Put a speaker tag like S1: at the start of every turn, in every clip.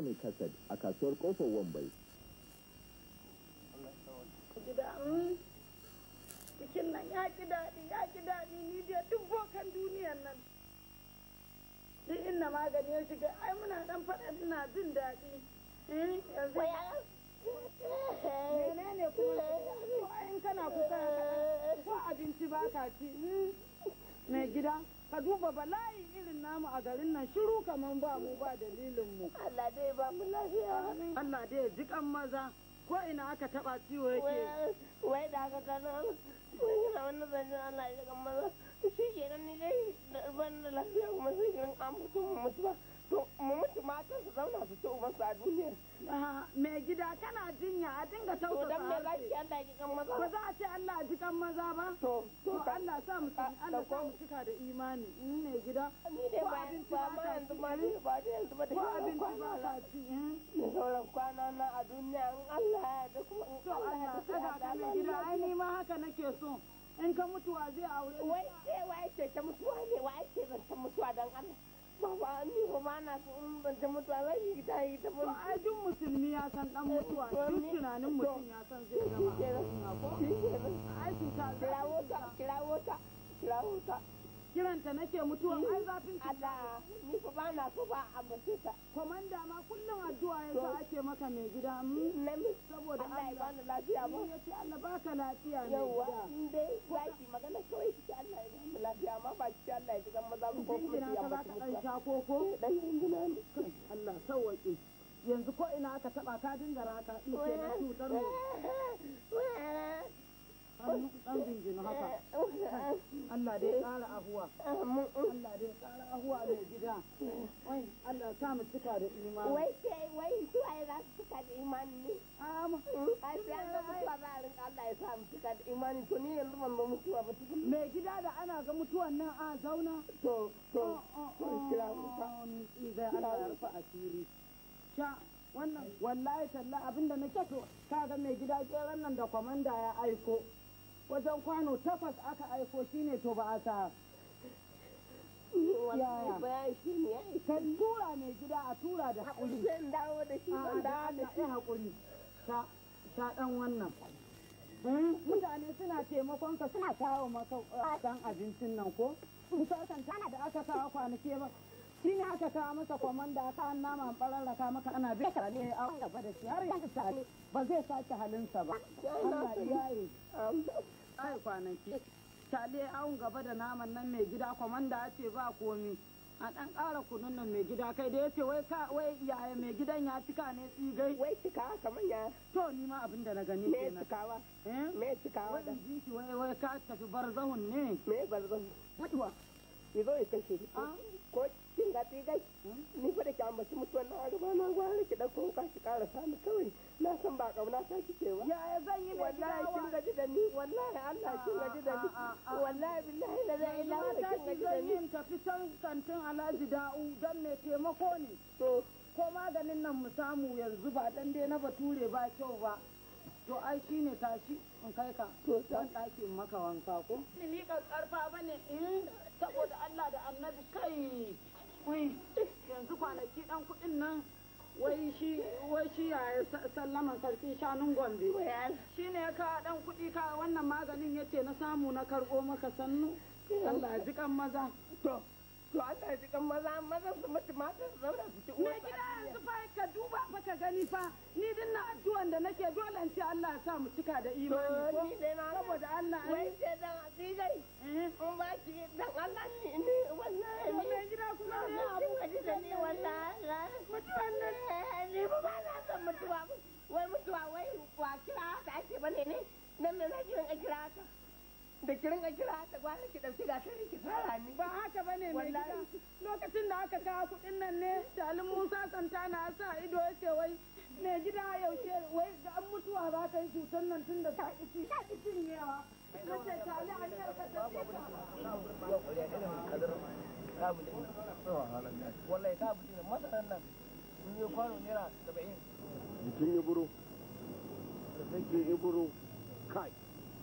S1: mai kasad a kasuwar kofar wambai
S2: cikin nan ya ki daɗi ya ki daɗi ni dai duk bokan duniyan nan duk inda magani ya shiga ai muna dan faɗa ina jin daɗi eh, mene ne ko in kana kuka ko abinci ba ka ci hmm. mai gida ka duba bala'i irin namu a garin nan shiru kaman ba mu ba dalilin mu Allah dai ba mu lafiya Allah dai ji kan maza ko ina aka taba ciwo yake wai da aka wai wani wannan zancen Allah ya ji kan maza shi kenan ni dai ban da lafiya kuma sai kin an mutu mutu ba To, mu mutu matan su zauna su ci ubansu a duniya Mai gida kana jinya a dinga tausasa. To, don me za ki Allah ji kan maza? Ba za a ce Allah ji kan maza ba? To, to Allah sa mu Allah sa mu cika da imani. In mai gida. Ni ne ba abinci ba ma yanzu eh? ne ba yanzu ba da yanzu abinci ba eh? Da sauran kwana na a duniya in Allah ya da kuma in Allah ya da. To, Allah mai gida ai ni ma haka nake so. In ka mutuwa zai aure. Wai ce wai ce ta mutuwa ne wai ce zan ta mutuwa don Allah. Baba ni ko ba na so in ban ta mutuwa ba shi ta yi ta mutuwa. To ai duk musulmi ya san dan mutuwa duk tunanin mutum ya san zai zama. Shi kenan. Ai cuta. Kirawo ta kirawo ta kirawo ta. kiranta nake mutuwa ai zafin Allah ni fa ba na so ba ambace ta komanda ma kullun addu'a yasa ake maka mai gida mm? saboda Allah ya bani lafiya ba yace Allah baka lafiya ne yawa in dai zaki magana kawai ki Allah ya bani lafiya ma ba ki Allah ya ji zan maza ku ko ku ya ba ki dan sha koko dan eh, dingina ne Allah sauwaƙe yanzu ko ina aka taba ka dinga raka ni ke na cutar mu an dan dingina haka Allah dai ahuwa Allah dai ahuwa gida wai Allah mu cika da imani wai sai wai su ai za su cika da imani ne ai sai an ba Allah ya sa mu cika da imani to ni yanzu ban ba mutuwa ba tukun me gida da ana ga mutuwan nan a zauna to to oh, oh, to oh, kira mu Allah ya rufa asiri sha wannan wallahi talla abinda nake to kaga mai gida tseren nan da kwamanda ya aiko wajen kwano takwas aka aiko shi ne to ba a sa ka tura mai gida a tura da haƙuri zan dawo da shi zan dawo da shi haƙuri ta ɗan wannan hmm? mutane suna taimakon ka suna kawo maka eh, ɗan abincin nan ko kusan tana da aka kawo kwanaki ba shi ne aka kawo masa kwamanda aka an nama bararraka maka ana bai ne a gaba da shi har yanzu ba zai sake halinsa ba Allah kwanaki tale awon gaba da naman nan mai gida kwamanda ya ce ba komi a dan kara kunun nan mai gida kai da ya ce wai ka wai yaya mai gidan ya cika ne tsigai wai cika kamar ya to ni ma abin da na gani me cikawa eh me cikawa da wai jiki wai wai ka tafi barzahun ne me barzahun mutuwa izo ya kashe ah? ko ga dai ni fa da ki ambaci mutuwan na gaba na gwara ki dauko ka ki ƙara sani kawai na san ba kauna ta kike ba ya zan yi mai wallahi kin gaji da ni wallahi Allah kin gaji da ni wallahi billahi la ilaha illa Allah kin gaji da ni ka fitan kantin Alhaji Da'u dan mai taimako ne to ko maganin nan mu samu yanzu ba dan dai na bature ba kyau ba to ai shi ne tashi in kai ka to san maka wanka ko ni miƙa karfa bane in saboda Allah da annabi kai yanzu kwanaki ɗan kuɗin nan wai shi wai shi ya sallaman sarki shanun gombe shi ne ka dan kuɗi ka wannan maganin yace na samu na karɓo maka sannu Allah ji kan maza to Allah ya kan maza maza su mutu matan su zauna su ci uwa mai gida yanzu fa ka duba fa ka gani fa ni din addu'an da nake dole in ce Allah ya sa mu cika da imani ko ni dai na rabo da Allah wai ce eh? in ba ki dan Allah ni ni wallahi ni mai gida kuma ne abu kaji da ni wallahi mutuwan nan eh, ni ba ba na san mutuwa wai mutuwa wai wa kira ta ake bane ne nan me nake yin kira ta da kirin a kira ta gwara ki dauki gatarin ki fara ni ba haka bane mai gida lokacin da aka kawo kudin nan ne Salim Musa Santana sa ido ce wai mai gida yaushe wai da an mutuwa ba ta yi cutar nan tun da ta kici ta kicin yawa kace tali an yar ka ta yi kwano naira 70 jikin da take kai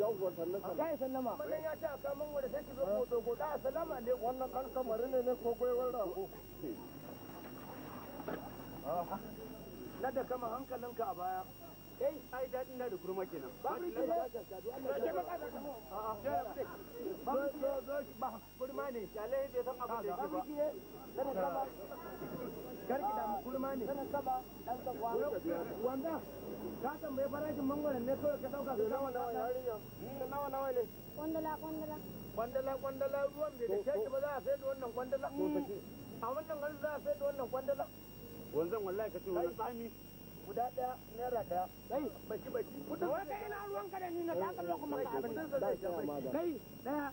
S2: ya yi sallama wannan ya ce a kaman wanda sai ki zo goto goto a sallama ne wannan dan kamar ne ne ko gwaiwar rago na da kama hankalinka a baya kai ai daɗin na da kurma ba ne ke ba kamo ba kurma ne san da ba kar ki damu kurma ne sanan kaba dan ka wanda ka farashin mangoron ne kawai ka sauka ka kawo na yarinya nawa nawa ne kwandala kwandala kwandala kwandala ruwan bai da ba za a sai da wannan kwandala a wannan garin za a sai da wannan kwandala wanzan wallahi ka ce tsami guda daya naira daya kai baki baki wai kai ina da ni na kuma ka abin kai daya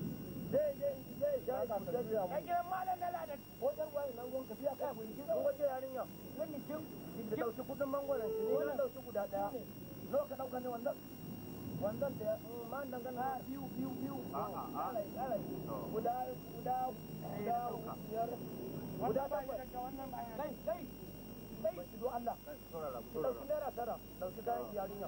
S2: zai je zai sha ka fitar da mu kayan yarinya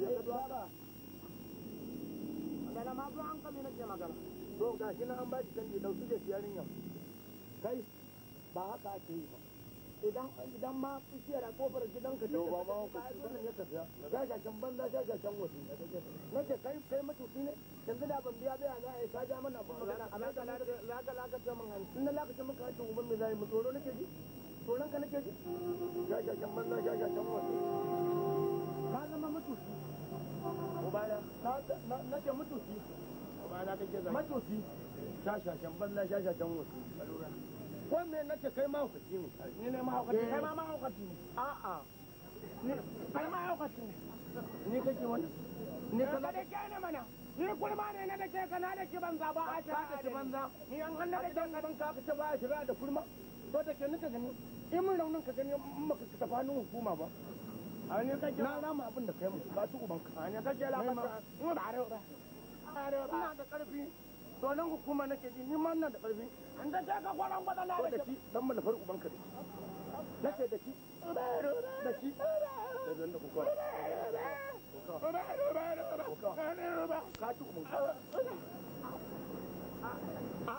S2: magana ma zuwa hankali nake magana na an ba canji da shi yau. kai ba haka ake yi ba idan ma kushiyar a kofar gidanka ta ba ba ka ya tafiya shashashen banza shashashen wasu nake kai kai matuki ne yanzu da ban biya biya na aika ja mana abin magana a laka laka laka ta mun hanci na laka ta muka hancin umar mai zai mu tsoro nake ji tsoron ka nake ji shashashen banza shashashen wasu ka zama matuki ubana na ce kai ma hukaci ne ni ne ma hukaci kai ma ma hukaci ne a'a ni kai ma hukaci ne ni kake ni ne mana ni kurma ne na da ke kana da ki banza ba a ta da banza ni an hanna da kan ban ka ka ba shiga da kurma to da ke ka gani in mun raunin ka gani maka ka tafanin hukuma ba na rama abin da kai mu ka ci uban ka ne kake labarta in ba da ba are ba ki, da karfi to nan hukuma nake ji ni ma ina da karfi in da ka ka gwaran gwada na da ki dan mu lafar uban ka da nake da ki da ki da dan da ku ka ka ci uban ka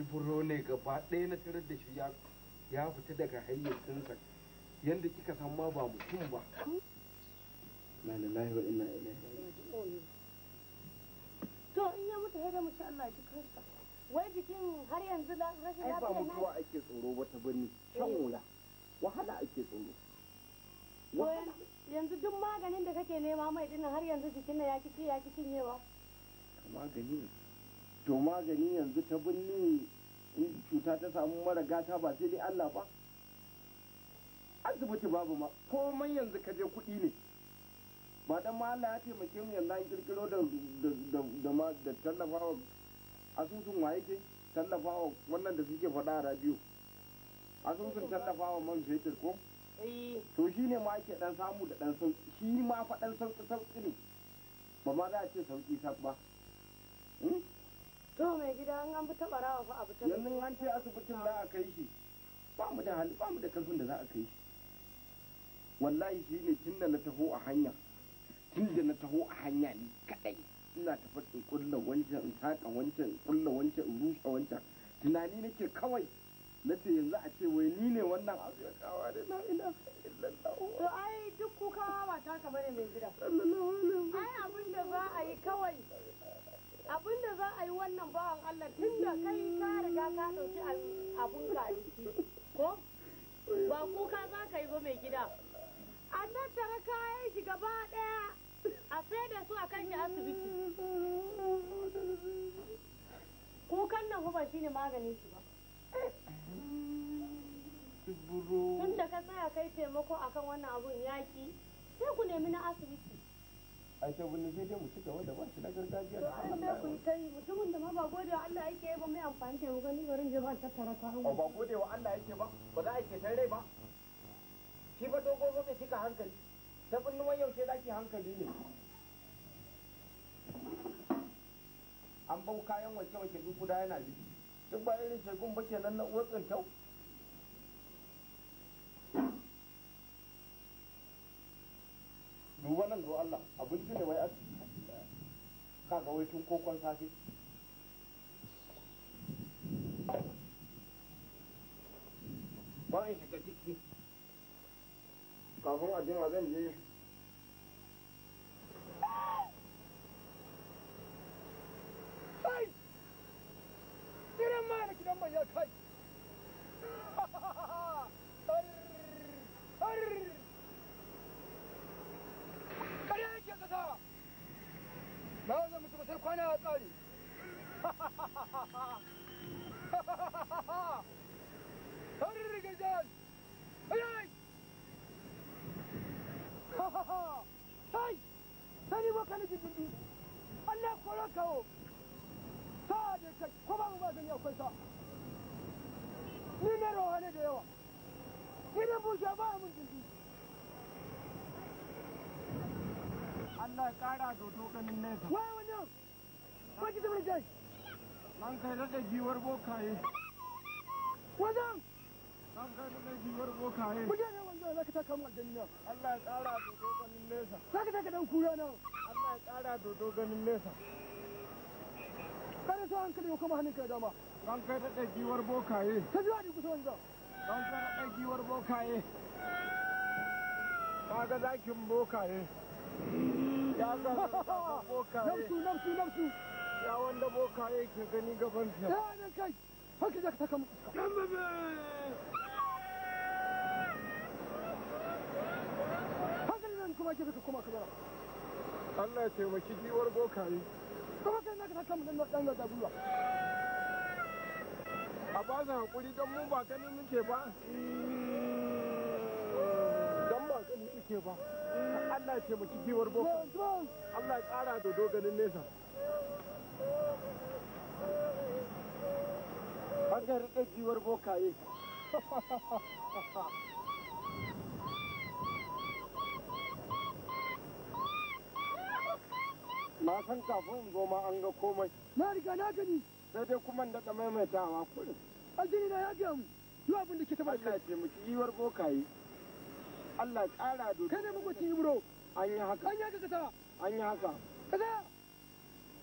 S2: ibro ne gaba ɗaya na tarar da shi ya fita daga hayyacinsa yadda kika san ma ba mutum ba na lillahi wa ina ilai to in ya mutu hada mu Allah ji kansa wai jikin har yanzu da rashin lafiya ai ba mutuwa ake tsoro wata ta birni shan eh. wuya wahala ake tsoro yanzu duk maganin da kake nema mai dinnan har yanzu jikin na ya kici ya kicin yewa magani ne to magani yanzu ta binne cuta ta samu mara gata ba sai dai Allah ba asibiti babu ma komai yanzu ka je kuɗi ne ba dan ma Allah ya taimake mu yanzu an kirkiro da da ma da tallafawa asusun waye ke tallafawa wannan da suke faɗa a radio asusun tallafawa man fetur ko eh. to shi ne ma ake dan samu da dan sauki shi ma fa dan sauki sauki ne ba ma za a ce sauki sak ba hmm? to mai gida an an fita barawa fa abu ta yanzu an ce asibitin za a kai shi ba mu da hali ba mu da karfin da za a kai shi wallahi shi ne tun da na taho a hanya tun da na taho a hanya ne kadai ina tafi in kulla wancan in taka wancan in kulla wancan in rushe wancan tunani nake kawai na ce yanzu a ce wai ni ne wannan abu ya kawa da na ina to ai duk kuka ba ta ka bane mai gida ai abin da za a yi kawai da za a yi wannan bawan Allah tun da kai ka riga ka ɗauki abun ka a jiki ko ba kuka za ka yi ba mai gida a tattara kayan shi gaba ɗaya a sai da su a kan shi asibiti kukan nan ba shi ne maganin shi ba tun da ka tsaya kai taimako akan wannan abun yaki sai ku nemi na asibiti ai ta bunne sai dai mu ci gaba da ba shi na gargajiya da Allah da ku ta yi mutumin da ma ba gode wa Allah yake ba mai amfani da mu gani garin je ba tattara ka hango ba gode wa Allah yake ba ba za a ce tare ba shi ba dogo ba mai cika hankali ta bunne wai yaushe zaki hankali ne an bau kayan wace wace duk guda yana bi duk ba irin shegun ba kenan na uwar kyau duba nan zo Allah ce wai kaga wai tun kokon safe ba in shiga ciki kafin a jima zan je Ai! Irin ma da gidan mai ya kai! kwana ya tsari ha ha! ayyai sai sani ba kanin jirgin Allah kora kawo ta da ko ba mu ba gani akwai ta ni ne rohane da yawa ni ne bushe ba mun jirgi Allah ya kara dodo ganin nesa wai What you doing today? Man kai rada giwar bokaye. Wajen? Man kai rada giwar bokaye. Kuje ne wanda za ka Allah ya tsara dodo ganin nesa. Za ka taka dan kura na. Allah ya tsara dodo ganin nesa. Kada su hankali ko kuma hannun ka dama. Man kai rada giwar bokaye. Ka biyo ni kusa wanda. Man kai rada giwar bokaye. Kaga zakin bokaye. Ya ga bokaye. Nafsu nafsu nafsu. ya wanda boka yake gani gaban sa ya ne kai haka da ka saka muku dan bebe haka nan kuma ke kuma kamar Allah ya taimaki giwar bokaye kuma kai naka saka dan dan da bulwa a ba su hakuri dan mu ba gani muke ba don ba gani muke ba Allah ya taimaki giwar boko Allah ya kara da doganin nesa ɓangaren ɗajiwar bokaye na san kafin zo ma an ga komai na riga na gani sai dai kuma daɗa maimaitawa kuɗin aljini na ya gaya mu duk abin da ke taɓa Allah ya taimaki yiwar bokaye Allah ƙara dodo kai ne magwacin ibro an yi haka an yi haka kasa an yi haka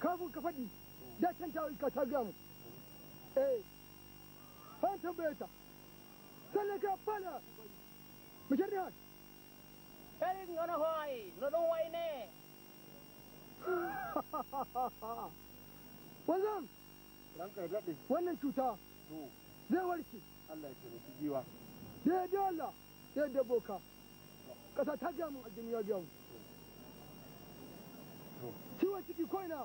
S2: kafin ka faɗi da can ta ka ta gamu eh an tambaye ta sannan ka mujarri mishar da Kari ngono hoy, no don wai ne. Wannan ranka daɗe. Wannan cuta. To. Zai warke. Allah ya taimaki jiwa Da ya Allah, da ya boka. Ƙasa ta gamu mun duniya gamu mun. Ciwon ciki ko ina.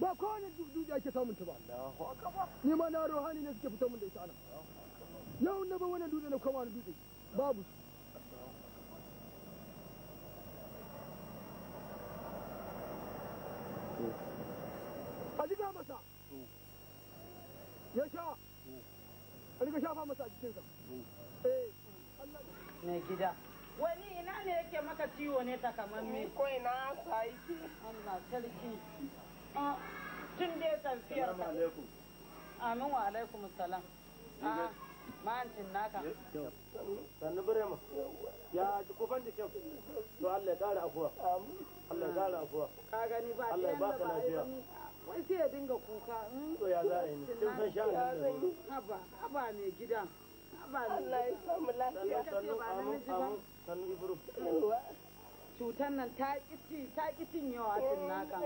S2: ba kowane dukiya ake samun ta ba ne ma na rohani ne suke fito mun da ita ana yau na ba wannan dutse na kama wani dutse babu su a jiga masa ya sha a riga shafa masa a sa eh. mai gida wani ina ne yake maka ciwo ne ta kamar me ko ina sa yake Allah sarki tun dai ya tafiyar ka amin wa alaikum salam ah, ma'ancin naka sannu birema ya kufan da kyau to Allah ya kara afuwa Allah ya kara afuwa ka gani ba Allah ya baka lafiya wai sai ya dinga kuka hmm? to ya za a yi kin san haba haba mai gida
S1: haba Allah ya samu lafiya sannu amin
S2: sannu cutan nan ta kici ta kicin yawa tun naka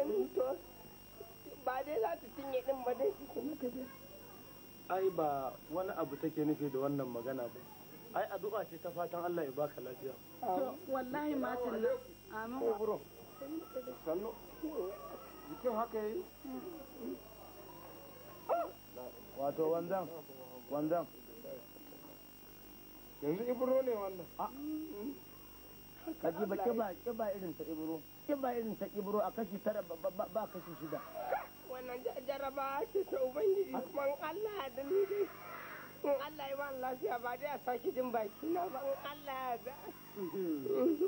S2: ba dai za ta cinye din ba dai kuma ai ba wani abu take nufi da wannan magana ba ai addu'a ce ta fatan Allah ya baka lafiya wallahi matin
S1: amin bro
S2: sannu jikin haka yi wato wanzan wanzan yanzu ibro ne wannan ah. kaji ba kiba irin ta ibro kiba irin ta ibro a kashi tara ba kashi shida wannan jaraba ce ta ubangiji kuma in Allah da ni dai in Allah ya bani lafiya ba dai a sake jin baki na ba in Allah ya da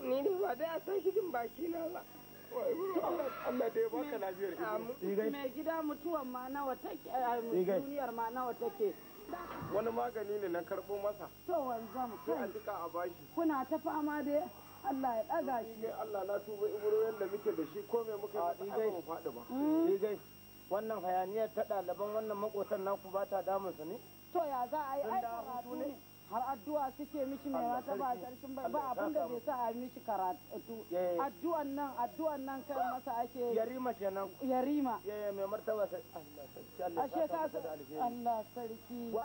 S2: ni dai ba dai a sake jin baki na ba Allah wani magani ne na karɓo masa to a a bashi kuna ta fama dai Allah ya ɗaga na tuba da shi ko me muka ah, wannan hayaniyar ta ɗaliban wannan makotan naku ba ta damun su ne to ya za a yi ai karatu ne har addu'a suke mishi mai mata ba sarkin ba ba abin da bai sa a mishi karatu addu'an nan addu'an nan kai masa ake yarima kenan yarima eh mai martaba sai Allah sarki Allah sarki Allah sarki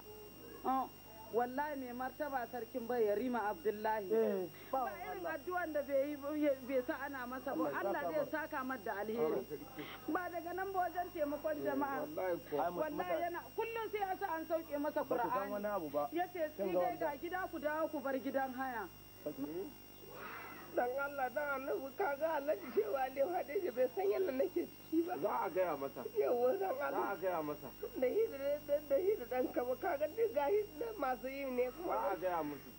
S2: ah. wallahi mai martaba sarkin bai ya rima abdullahi eh. ba irin addu'an da bai sa ana masa ba Allah zai saka mar da alheri ba daga nan ba wajen taimakon jama'a eh, wallahi yana kullum sai ya an sauke masa qur'ani yace sai dai ga gida ku dawo ku bar gidan haya dan Allah dan annabi kaga alhaji cewa ne hade shi bai san yadda nake ciki ba za a gaya masa yawa dan Allah za a gaya masa da hidi da da hidi dan ka kaga ni ga hidi masu yi ne kuma za a gaya musu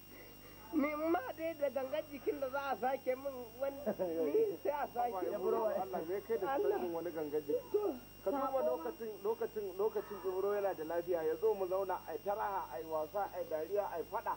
S2: ni ma dai da gangan jikin da za a sake min wani ni sai a sake da buro Allah me kai da sanin wani gangan jiki ka duba lokacin lokacin lokacin buro yana da lafiya ya zo mu zauna ai taraha ai wasa ai dariya ai fada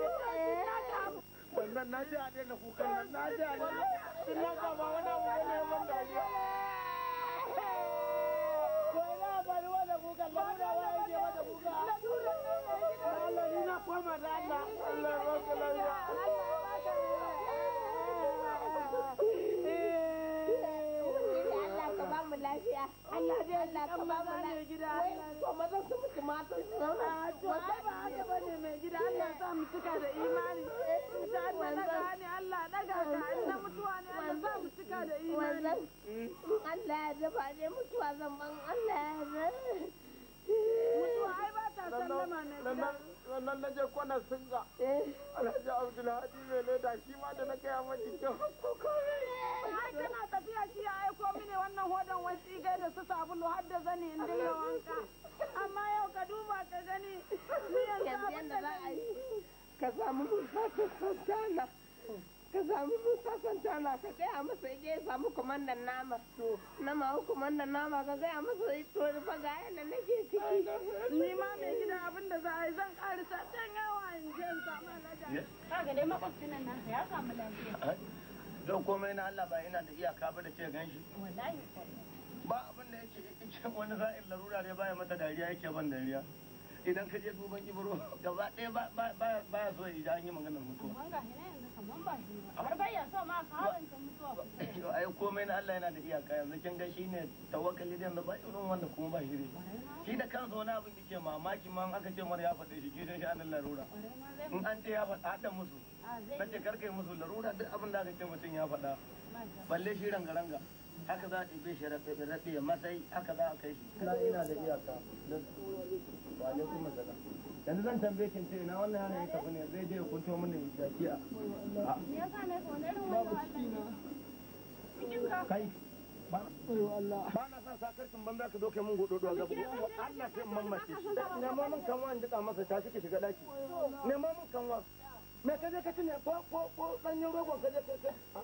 S2: nan na ji a daina kukan nan na ji a wani abu ko ina bari kukan na wani ke wani kuka Allah ni na koma da Allah Allah ya baka lafiya Allah ya mu lafiya. Allah ba mu lafiya. su mutu matan su. Ah, ba haka bane mai gida Allah ya sa mu cika da imani. ta Allah ne Allah daga inda mutuwa ne Allah za mu cika da imani Allah ya dafa ne mutuwa Allah ya dafa mutuwa ai ba ta sallama ne na je kwana eh. alhaji abdulhadi mai leda shi ma da na ai tafiya shi ya aiko mini wannan hodon wasi gai da su sabulu har da zani in dinga wanka amma yau ka duba ka gani yanzu abin da za a yi ka samu musa santana ka samu musa santana ka gaya masa ya samu kumandan nama na mawu kumandan nama ka gaya masa ya to faga, ga yana nake ciki ni ma mai gidan abin da za a yi zan ƙari santan yawa in je in samu ka ga dai nan na, ya samu lafiya don komai na Allah ba ina da iyaka ba da ce gan shi wallahi ba abin da yake wani za'in larura ne baya mata dariya yake ban dariya idan ka je duban ibro gaba ɗaya ba ba ba ba so ya an yi maganar mutuwa amma ba ya so ma ka mutuwa to ai komai na Allah yana da iyaka yanzu kin ga shi ne tawakkali da yanzu ba irin wanda kuma ba shi ne. shi da kansa wani abin da ke mamaki ma aka ce mara ya faɗe shi gidan shi an larura in an ce ya faɗa haɗa musu na ce karkai musu larura duk abin da aka ce mutum ya faɗa balle shi ranga-ranga haka za a ɗibe shi raɗe matsayi haka za a kai shi ina da iyaka yanzu zan tambaye kin ce wannan ne zai je ya kunto jaki a kai ba na san banza ka zo kai mun gododo a Allah sai mun mace mun kanwa in duka masa ta shiga daki mun kanwa me ka je ka tune ko ko ko danyen rogon ka je ka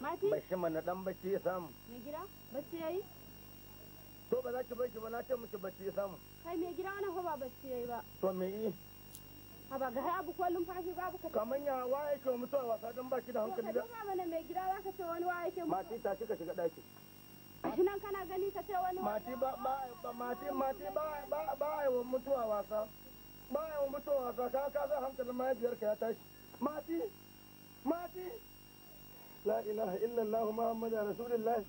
S2: Mati? Bashi mana dan bacci ya samu. Me gida? Bacci yayi? To ba za ki bar shi ba na ce miki bacci ya samu. Kai me gida ana ba bacci yayi ba. To me yi? A ba ga abu ko lumfashi babu ka. Kaman ya waye ke mutuwa wasa don ba ki da hankali da. Ko ka mana mai gida za ka ce wani waye ke mutuwa. Mati ta kika shiga daki. Shi nan kana gani ka ce wani Mati ba ba mati mati ba ba ba wa mutuwa wasa. Ba wa mutuwa wasa ka ka za hankalin mahaifiyarka ya tashi. Mati mati لا إله إلا الله محمد رسول الله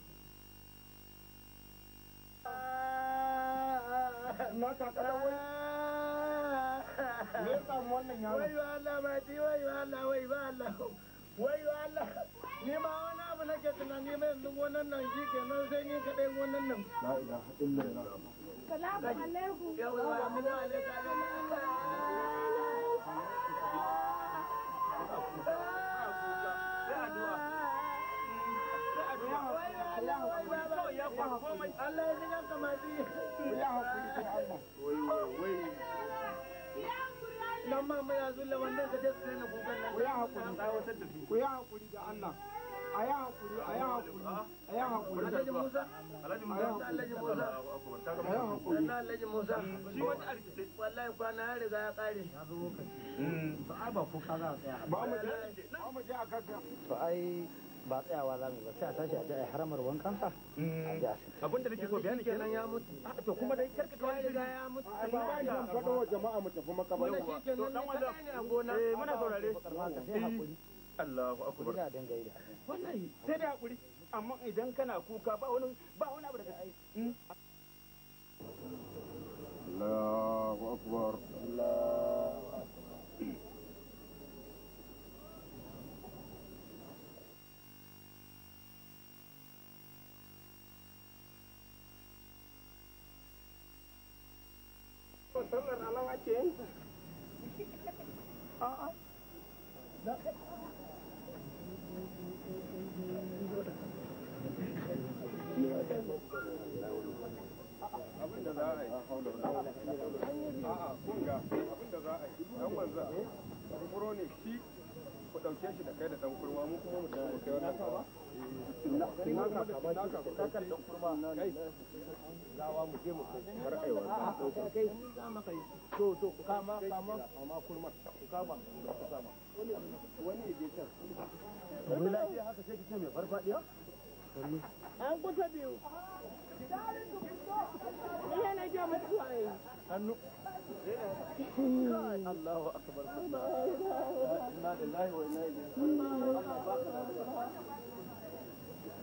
S2: Allah ma ji wai Allah Allah ni ma wani abu nake tunani mai yanzu nan sai ni la ilaha illallah
S1: Allah ya zina ka mazi.
S2: Ya hakuri ta Allah. Wai wai wai. Dan mama na da Allah. ba tsayawa za mu ba sai a tashi a ji a haramar wankansa abinda nake ko bayani kenan ya mutu to kuma dai karka ka wani riga ya mutu a ba ni zan faɗa wa jama'a mu tafi makabarin to dan wanda gona eh muna saurare eh, Allahu akbar ina dan gaida wallahi sai da hakuri amma idan kana kuka ba wani ba wani abu da ka hmm?
S1: Allahu akbar Allah
S2: nan a'a abin da za a yi a'a kunga abin da za a yi wanza ne shi ku ɗauke shi da kai da ɗan kurwa mu kuma mu tafi kai wannan An kusa biyu. Ihe na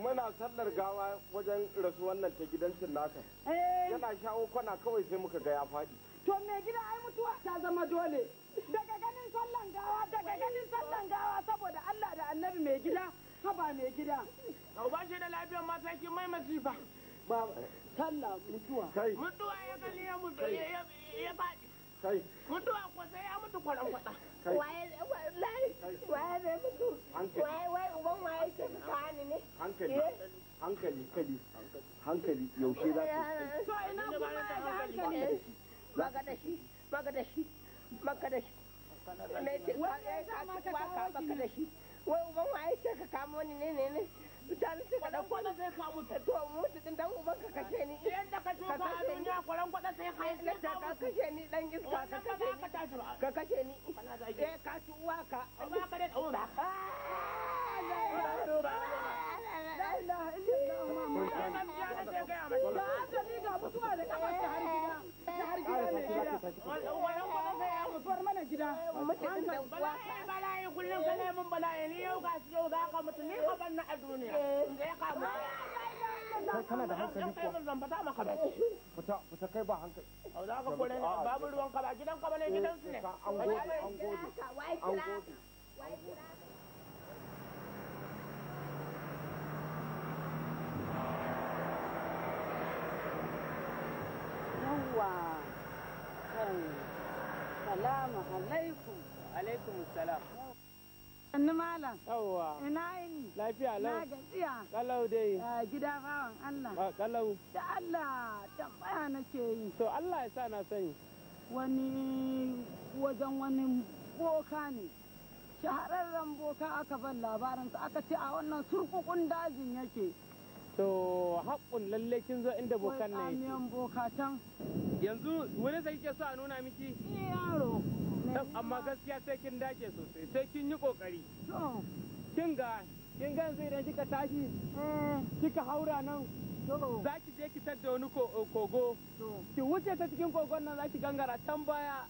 S2: muna sallar gawa wajen rasu wannan ta gidancin naka eh. yana shawo kwana kawai sai muka ga ya faɗi to me gida ai mutuwa ta zama dole daga ganin sallan gawa daga ganin sallan gawa saboda Allah da annabi mai gida haba mai gida ba shi da lafiyar mata ki mai masifa ba sallah mutuwa mutuwa ya gani ya mutu ya faɗi kai mutuwa ko sai ya mutu kwaran waye mutu waye waye uban waye fita ni ne hankali hankali kali hankali yaushe za ka ina kuma hankali maka da shi maka da shi maka da shi ne ce ka ka ka Mutane sai ka zai kawo mutu. To mutu ɗin dan uban ka kashe ni. Yadda ka ce ba a duniya kwaran kwaɗa sai ka yi iska. Ka kashe ni ɗan iska ka kashe ni. Ka kashe ni. Eh ka ci uwa ka. Uwa ka dai ɗaura. Mutuwar mana gida. Mutuwar mana gida. kullum ka neman bala'i ni yau ga za ka mutu ni ka banna a duniya ka kana da hankali ko zan fata maka fita fita kai ba hankali au za ka kore babu ruwan ka ba gidan ka bane gidan su ne an gode an gode an gode yawwa kan salamu alaikum alaikum salam Sannu malam. Yawwa. Ina yini. Lafiya lau. Na gajiya. Kalau dai. Gida bawan Allah. Kalau. Da Allah tambaya nake yi. To Allah ya sa na sani. Wani wajen wani boka ne. Shahararren boka aka ban labarinsa aka ce a wannan surkukun dajin yake. To haƙƙun lalle kin zo inda bokan ne yake. Wai boka can. Yanzu wani zai kike so a nuna miki? Yaro. amma gaskiya sai kin dace sosai sai kin yi kokari kin ga kin ga sai idan kika tashi kika haura nan za ki je ki tadda wani eh, kogo ki wuce ta cikin kogon nan za ki gangara can baya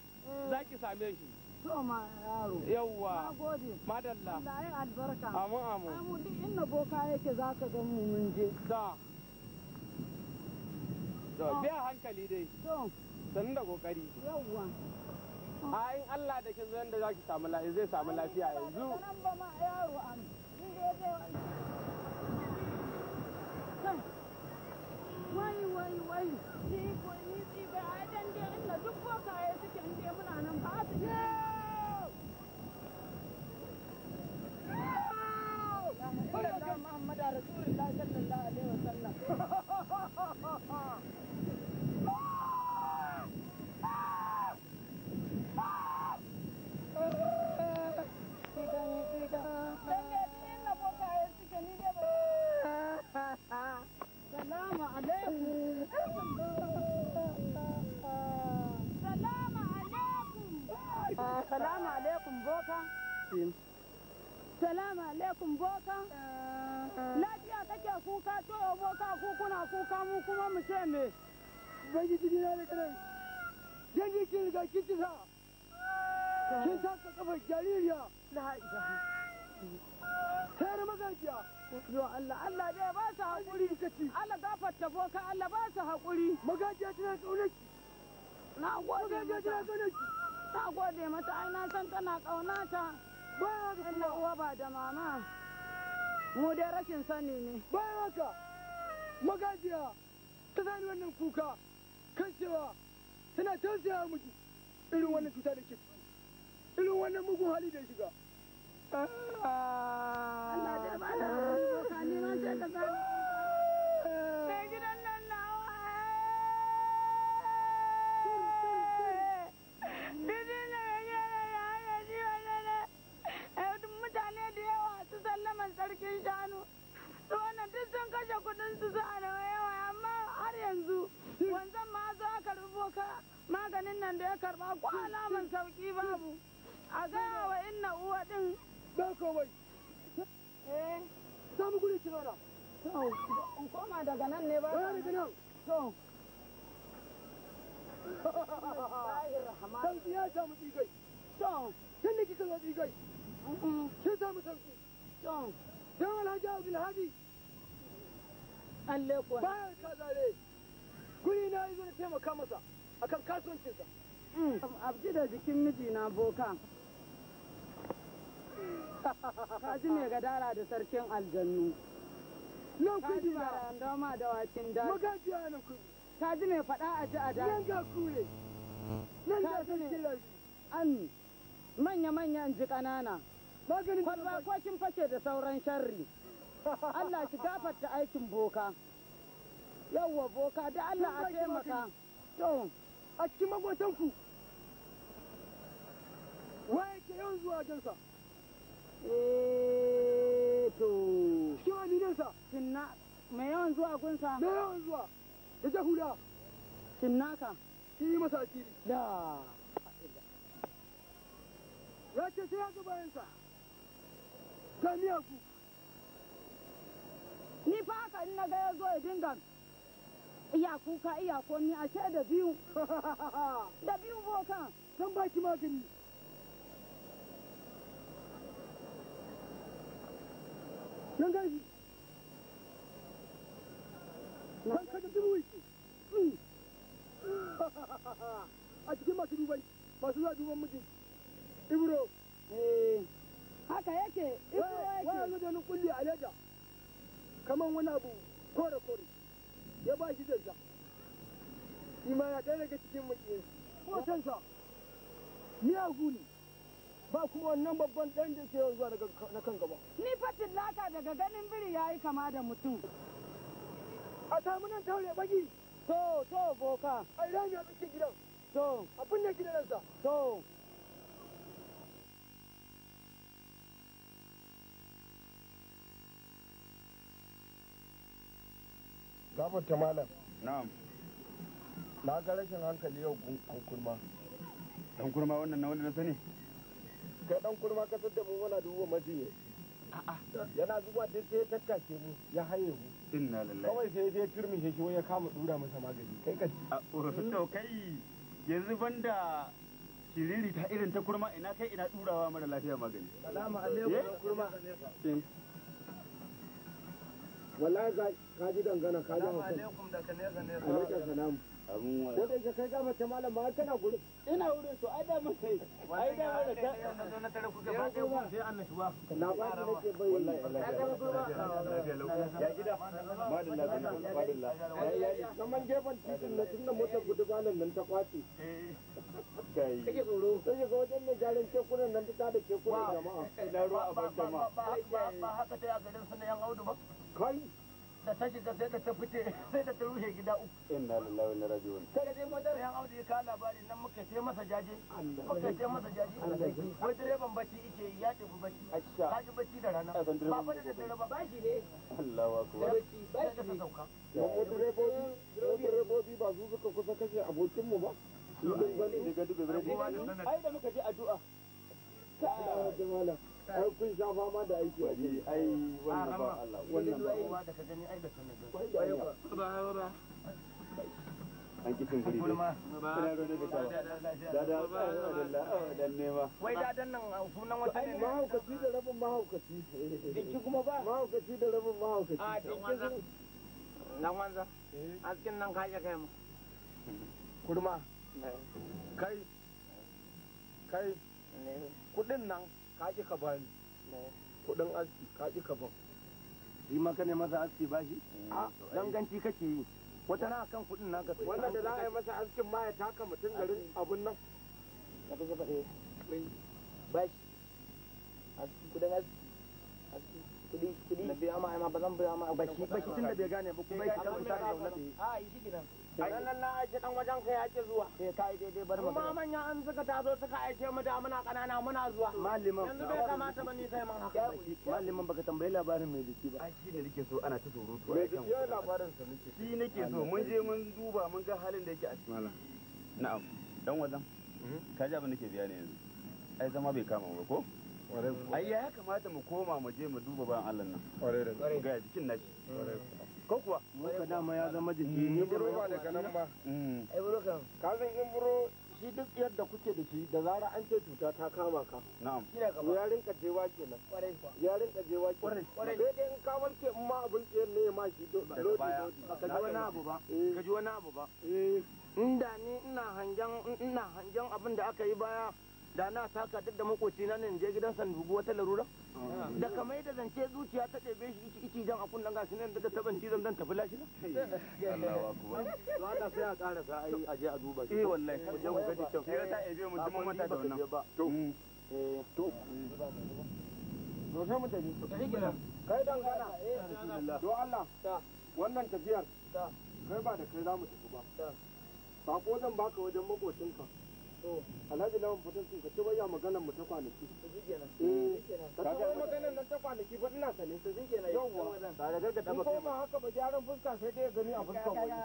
S2: za ki same shi to ma yaro yawwa madalla Allah ya albarka amu amu amu duk inna boka yake zaka ga mu mun je da da biya hankali dai to sannan da kokari yauwa a in Allah da kin zan da zaki samu lafiya zai samu lafiya yanzu wai wai wai Salamu alaikum. Salamu alaikum. Salamu alaikum boka. Salamu alaikum boka. Lafiya kake kuka to boka ku kuna kuka mu kuma mu ce me. Bangi jini na da kanai. Jini kin riga kin tisa. Ah. Kin sa kafar jaririya. La ilaha. Sai magajiya. Yo Allah Allah dai ba su haƙuri. Allah gafarta boka Allah ba su haƙuri. Magajiya tana ƙaunar
S1: Na gode mata.
S2: Na gode mata ai na san tana ƙauna ta. Ba na uwa ba da mama. Mu dai rashin sani ne. Ba haka. Magajiya ta sani wannan kuka kan cewa tana tausaya miki irin wannan cuta da ke irin wannan mugun hali da shiga. Allah dai ba ma Mutane da yawa su sallaman sarkin shanu. Su wannan duk sun kashe kudin su su arawa yawa amma har yanzu wanzan ma zo aka rubuka maganin nan da ya karba ko alaman sauki babu. A gaya wa inna uwa din ba komai eh samu guri ki zauna koma daga nan ne ba ba daga nan to sauki ya samu tsigai to kin da kika zo tsigai kin samu sauki to dan alhaji abdulhadi Allah kuwa bayan ka zare guri na yi zo na taimaka masa akan kasuwancinsa mm. abji da jikin mijina boka kaji mai gadara da sarkin aljannu lokaci ba dama da wakin da magaji ana ku kaji mai fada a ji a da nan ga kure nan ga sarkin an manya manyan ji kanana maganin kwalba ko kin fake da sauran sharri Allah shi gafarta aikin boka yawwa boka da Allah a taimaka to a cikin magotanku waye ke yawan zuwa gansa eh to cikin aminansa sinna mai yawan zuwa gunsa mai yawan zuwa da jahula sinnaka shi masa asiri da ya ce sai ya ga bayansa ga miyagu ni fa haka in na ga ya zo ya dinga iya kuka iya ni a ce da biyu da biyu bokan zan baki magani Nan gashi. Ban A cikin masu duban Ibro. Eh, haka yake, Ibro yake. Wani yanzu a leda. Kaman wani abu kore-kore. Ya ba shi zai sha. Ima ya ɗaya daga cikin makiyin. Ko can sa. Miyagu ne. ba kuma wannan babban ɗan da ke zuwa na kan gaba. Ni fatin laka daga ganin biri ya yi kama da mutum. A samu nan taure bagi. To, to, boka. A yi rami a tsakiyar gidan. To. Abin da nasa. To. Gabar ta malam. Na'am. Na ga rashin hankali yau kun kurma. wannan na wanda na sani? ga dan kurma kasar da mu muna duba majiyi yana zuwa duk sai ya tattake mu ya haye mu inna lillahi kawai sai ya turmishe shi shi ya kama dura masa magani kai ka to kai yanzu banda shiriri ta irin ta kurma ina kai ina durawa mara lafiya magani salamu alaikum eh? kurma eh. wallahi ka ji dangana ka ji hausa alaikum da ka nesa alaikum salamu ko da ka kai ga mace malama kana gurin ina wurin to ai da mace ai da ta na tare sai na ba nake bai ya gida madalla madalla kaman gefen titin na tunda motar gudu banan nan ta kwace kai kake tsoro sai ga wajen ne garin nan ta da jama'a ruwa a ban ba haka dai a garin sunan yan audu ba kai da ta shiga sai da ta fice sai da ta rushe gida uku inna lillahi wa inna raji'un sai da dai madar yan audi ya kawo labari nan muka ce masa jaje direban bacci yake ya tafi bacci ka bacci da rana ba fa da daddare ne Allahu akbar bacci bashi ne sauka direbobi ba su kusa kashe abokin mu ba ai da da ai kun sha fama da aiki a jini ai wannan ba Allah wannan ba Allah da ka gani ai da sanin ba ba ba an ki tun guri ba kuna rodo da ta da da dan nema wai da dan nan sunan wata ne mahaukaci da rabin mahaukaci dinki kuma ba mahaukaci da rabin mahaukaci a dinki eh? nan wanza a cikin nan kaje kai mu kurma eh. kai kai eh. kudin nan ka ki ka bani kuɗin aski ka ka ban shi ma ka ne masa aski ba shi kake yi wata na kan wanda da za a yi masa askin ma ya taka mutum garin abun nan ka ba shi aski kudi kudi na biya ma ba zan biya ma ba shi bai gane ba kuma ya ta da zaune a yi shi gidan lallan aiki dan wajen ka ya ki zuwa eh kai daidai bari mu kuma manya an suka tazo suka aike mu da muna kanana muna zuwa malliman yanzu bai kamata ba ni sai man haka malliman baka tambayi labarin mai biki ba ai shi ne nake so ana ta tsoro to ai kan labarin sa nake shi nake so mun je mun duba mun ga halin da yake a cikin malam na'am dan wajen hmm? ka ji abin da ke biya ne yanzu ai zama bai kama ba ko ai ya kamata mu koma mu je mu duba bayan Allah nan ga jikin nashi ko kuwa buro dama ya zama jiki da daga nan ba mm. ai kan ka san in buro shi duk yadda kuke da shi da zara an ce cuta ta kama ka na'am shi ne gaba ya rinka jewa kenan kwarai kuwa ya rinka jewa kenan kwarai dai in ka warke in ma abin tsayar ne ma shi lodi lodi ka ji wani abu ba eh. ka ji wani abu ba eh inda ni ina hangen ina hangen abin da aka yi baya da na saka duk da makoci na nan je gidan san dubu wata larura da kamar da zance zuciya ta ɗebe shi iki iki jan akun kunnan gashi nan da taban cizon dan tafi lashi Allah wa to Allah sai a ƙara sa ai aje a duba shi eh wallahi ku je ku gaji kyau sai ta ɗebe mu duk mata da wannan to eh to to sai Kai tafi kai dan gana eh to Allah Ta. wannan tafiyar Ta. kai ba da kai za mu tafi ba Ta. sako zan baka wajen makocinka Eh, alhaji lawan fitar sun kace wai ya maganar mu ta kwanaki ka ga maganar nan ta kwanaki ba ina sane to shi kenan yau ba da ga da baka ba haka ba gyaran fuska sai dai gani a fuskan wani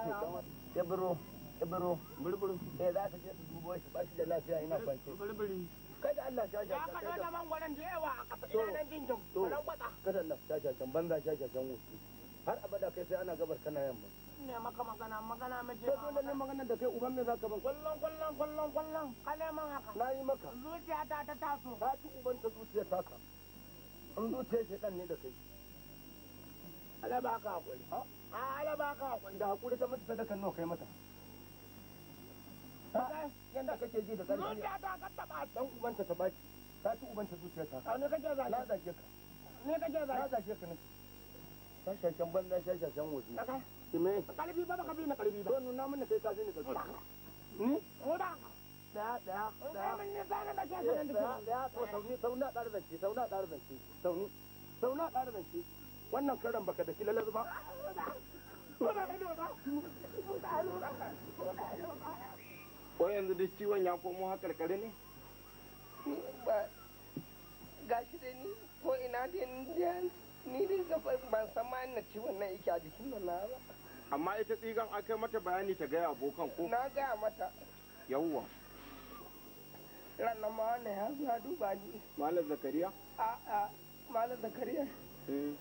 S2: ya biro ya biro burburu eh za ka je ka dubo shi ba shi da lafiya ina kwance burburi kada Allah sha ka da mangwaran da yawa a kafa ina nan jinjin ran kwata kada Allah sha har abada kai sai ana gabar kana yamma ne maka magana magana mai je dole ne magana da kai uban me zaka ban kullun kullun kullun kullun kale man haka na yi maka zuciya ta ta taso ka ci uban ta zuciya ta ka an zuciya shedan ne da kai ala ba ka hakuri a ala ba ka hakuri da hakuri ta mutu sadakan nawa kai mata yanda kake ji da zarfi zuciya ta ka taba dan uban ta ta baci ka ci uban ta zuciya ta ka ne kake zage na zage ka ne kake zage na zage ka ne shashashan banza shashashan waje. Ime? Kalibi ba baka bi na kalibi ba. Don nuna mun kai ka ni kalibi. Ni? Oda. Da da da. Mun ne ba da ke oh, sanin da. Da to sauni sauna dar zance sauna dar zance sauni sauna dar zance. Wannan karan baka da kilalar ba. Ko yanzu duk ciwon ya komo hakarkare ne? Ba gashi da ni ko ina da ni da ni dai ban san ma na ciwon nan yake a jikin da na ba. amma ita tsigan an kai mata bayani ta gaya abokan ko na gaya mata yawwa ranar ma wannan ya zuwa duba ni malam zakariya a a malam zakariya eh.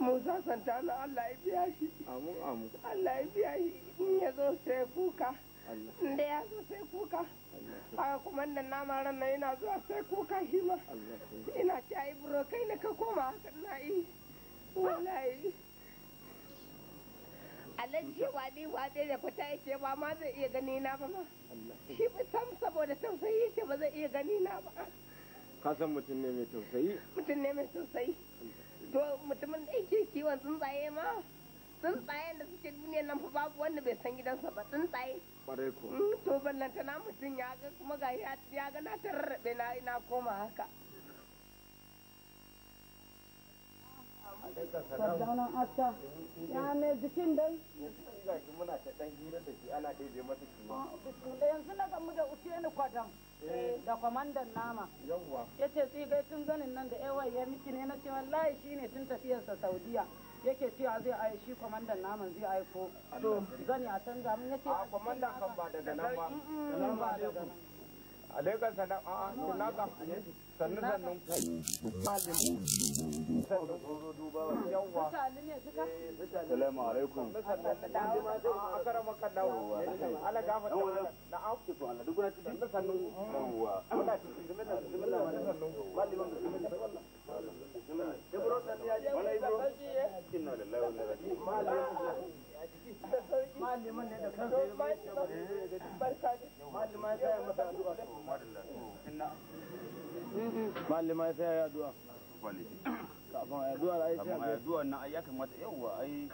S2: musa santana allah ya biya shi amu amu allah ya biya shi in ya zo sai kuka inda ya zo sai kuka haka kuma da nama ranar yana zuwa sai kuka shi ma ina ci a yi ka koma haka na yi ah! wallahi alaji waɗi waɗe da kwata yake ba ma zai iya gani na ba ma shi ba sam saboda tausayi ce ba zai iya gani na ba ka san mutum ne mai tausayi mutum ne mai tausayi to mutumin da yake kiwon tsuntsaye ma tsuntsayen da suke duniyar nan fa babu wanda bai san gidansa ba tsuntsaye kwarai ko mm, to ballanta na mutum ya ga kuma ga ya ga na tararrabe na koma haka sardaunan asta ya jikin dai muna ta dan hira da shi ana masa kiwo da yanzu na gamu da uce ni eh, da kwamandan nama ya yace tsigai tun ganin nan da ewai ya miki ne na ce wallahi ne tun tafiyarsa saudiya yake cewa zai ayi shi kwamandan naman zai aiko to zani a canza mun yace a kwamandan kan ba daga nan ba alaikum salam a'a sannu sannun ku Salamu alaikum. Malamin ya barka ya kafin a yaduwar ai kafin a yaduwar nan ai ya kamata yawwa ai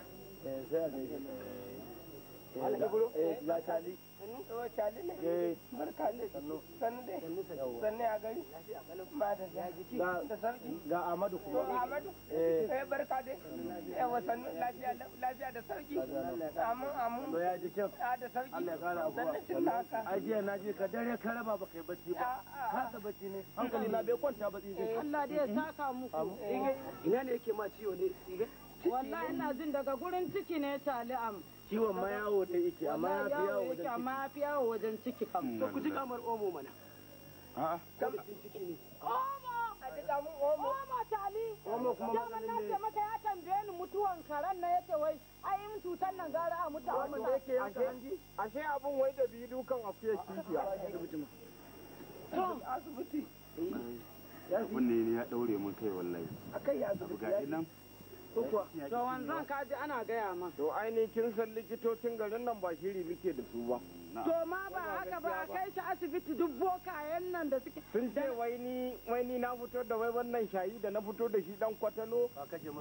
S2: eh, sai a gaishe
S1: eh, eh
S2: sannu cali ne eh. barka ne sannu dai sannu a gari ba da jiki da sauki ga amadu kuma to amadu eh. eh barka dai yawa sannu lafiya da sauki amin amin to ya a da sauki sannu cin haka ai na ji ka dare ka raba ba kai bacci ba ka bacci ne hankali na bai kwanta ba tsige eh. Allah dai ya saka muku ina ne yake ma ciwo ne wallahi ina jin daga gurin ciki ne tali'am ciwon ma yawo da yake amma ya fi yawo wajen ciki amma ya fi yawo wajen ciki kam to ku ji kamar omo mana ciki ne omo a ji kamar omo omo tali omo kuma ne maka ya tambaye ni mutuwan karen na yace wai ai in cutar nan gara a mutu a mutu yake ashe wai da biyu dukan kishiya asibiti ne ya daure mun kai wallahi ya to wanzan kaji ana gaya ma to ainihin san likitocin garin nan ba shiri muke da su ba to ma ba haka ba a kai shi asibiti duk bokayen nan da suke sun ce waini na fito da wai wannan shayi da na fito da shi dan kwatano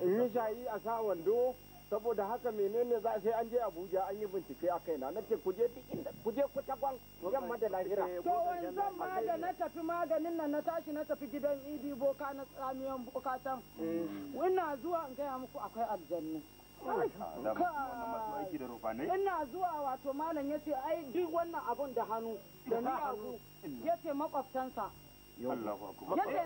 S2: in yi shayi a sa wando saboda haka menene za sai an je abuja an yi bincike a kaina na ce kuje duk inda kuje yan yamma da lahira to wanzan ma da na tafi maganin nan na tashi na tafi gidan idi boka na tsamiyan boka tan eh. ina zuwa in gaya muku akwai aljannu ina zuwa wato malam ya ce ai duk wannan abun da hannu da ni ya ce makwabtansa yadda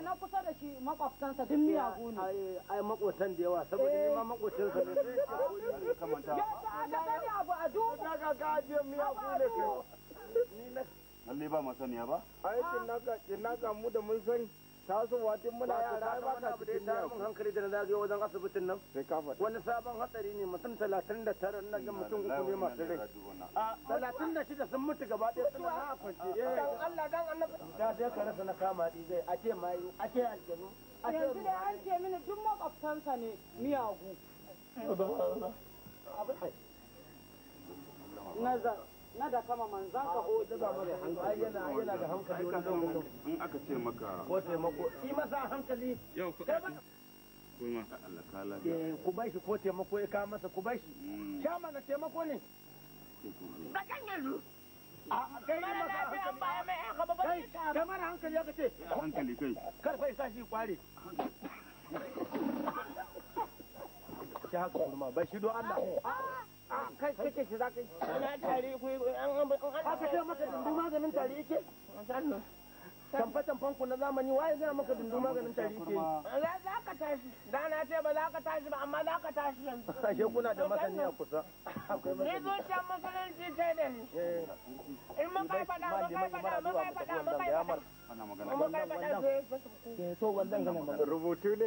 S2: na kusa da shi makwabtansa duk miyagu ne ai makwabtan da yawa saboda ne ma eh. makwabtansa ne sai ya kamanta ya ta aka sani abu a duk na ga gajiyar miyagu ne ke ni na lalle ba masaniya ba ai kin naka kin naka mu da mun sani tasowa tun muna yara ba ka cikin ta mun hankali da na zagaye wajen asibitin nan sai wani sabon hatsari ne mutum 39 na ga mutum uku ne masu rai 36 sun mutu gaba ɗaya suna na kwance dan Allah annabi da sai ka rasa na kama ɗi a mayu ake aljanu yanzu dai an ce mini duk makwabtansa ne miyagu na da kama manzan ka hoji mai hankali yana yana da hankali wannan in aka ce maka ko taimako hankali yau ku kuma Allah ka lafiya ku ko ya ka masa ku sha mana ne da kan yanzu hankali ya kace hankali kai karfa isa shi kware shi haka kuma shi don Allah kai za ka yi tari an an ce maka maganin tari yake tamfa tamfan ku na zamani waye zai maka dundu maganin tari yake za ka tashi da na ce ba za ka tashi ba amma za ka tashi yanzu ashe kuna da masani a kusa ni da ni
S1: in mun kai fada mun kai fada mun kai fada mun kai
S2: fada to wannan ganin rubutu ne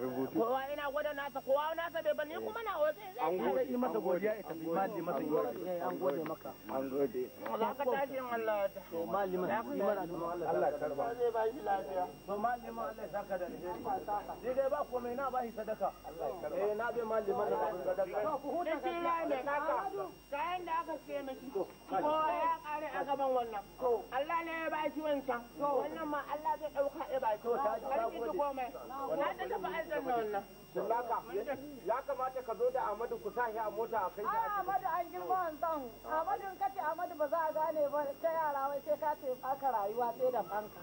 S2: rubutu kowa ina gwada nasa kowa nasa bai bane kuma eh. na waje an gode yi masa godiya tafi mali masa yi eh, an gode maka an gode za ka tashi in Allah ya ta mali masa yi mana addu'a Allah ya karba zai ba shi lafiya to mali ma Allah ya da alheri dai ba ko mai na ba shi sadaka Allah ya karba eh na bai mali mana sadaka to ku huta sai ya ne kaka kayan da aka ce miki ko ya kare a gaban wannan Allah ne ya ba shi wancan wannan ma Allah zai dauka ya ba shi to ta ji komai na no, no. sallaka ya kamata ka zo da amadu ku sa shi a mota a kai shi a amadu an girma wanzan amadu in kace amadu ba za a gane ba ta yara wai sai ka ce aka rayuwa sai da banka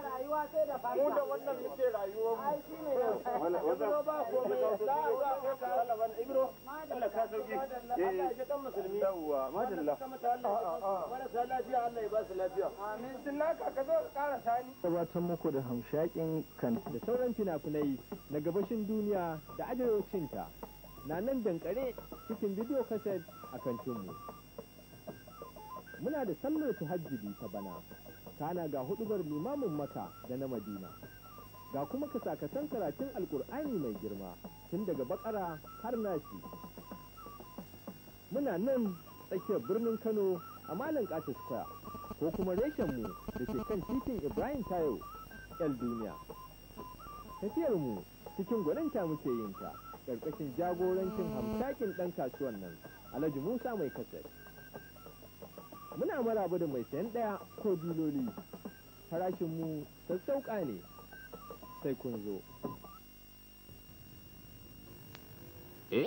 S2: rayuwa sai da banka mu da wannan muke rayuwar mu ai shine wannan ba komai da ka Allah ibro Allah ka sauki eh, Allah ya musulmi yawa madalla marasa lafiya Allah ya ba su lafiya amin din ka zo ka ƙara sani gabatar muku da hamshakin kan da sauran shahararrun fina-finai na gabashin duniya da arewacinta na nan dankare cikin bidiyo kaset a kantinmu. Muna da sallar tuhajjibi ta bana, kana ga hudubar limamin maka da na madina. Ga kuma ka kasakatan karatun alkur'ani mai girma tun daga bakara har nashi. Muna nan tsakiyar birnin Kano a Malam Kata Square ko kuma reshenmu da ke kan titin Ibrahim Tayo, 'yan Duniya. tafiyar mu cikin gwaninta muke yin ta ƙarƙashin jagorancin hamsakin ɗan kasuwan nan alhaji musa mai kasar muna maraba da mai sayan ɗaya ko biloli farashin mu sassauƙa ne sai kun zo eh?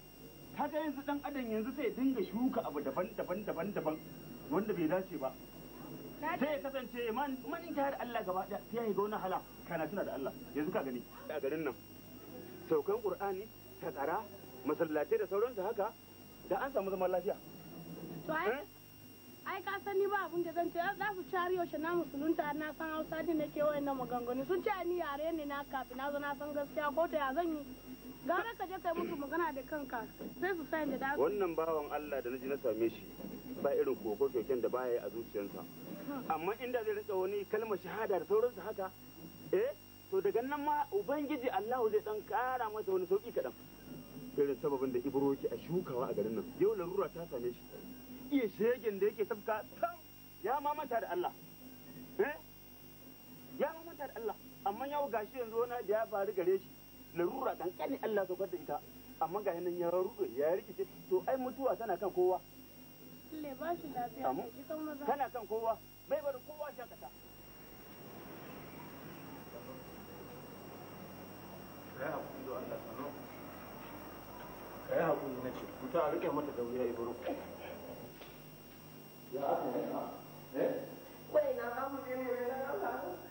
S2: kaga yanzu dan adam yanzu sai dinga shuka abu daban daban daban daban wanda bai dace ba sai ya kasance man in ta Allah gaba daya sai ya ga wani hala kana tuna da Allah yanzu ka gani a garin nan saukan qur'ani takara masallatai da sauransu haka da an samu zaman lafiya to ai eh? ai ka sani ba abun da zan ce za su cari yaushe na musulunta na san hausa ne nake wayannan maganganu sun ce ni yare ne na kafi na zo na san gaskiya ko ta ya zan yi gara ka je kai musu magana da kanka sai su sanya da wannan bawan Allah da naji na same shi ba irin koko keken da baya a zuciyarsa amma inda zai rinka wani kalmar shahada da sauransu haka eh to daga nan ma ubangiji Allah zai dan kara masa wani sauki kadan irin sababin da ibro yake a shukawa a garin nan yau larura ta same shi iya shegen da yake tafka tam ya mamanta da Allah eh ya mamanta da Allah amma yau gashi yanzu wani da ya faru gare shi larura kan kankani Allah saukar da ita amma ga nan ya rarrudo ya rikice to ai mutuwa tana kan kowa kana kan kowa bai bari kowa shakata ka yi haƙuri da Allah sanu ka yi haƙuri na ce ku ta rike mata da wuya ibaru. ya aka yi eh? na eh kwai na kamun ne ne na Allah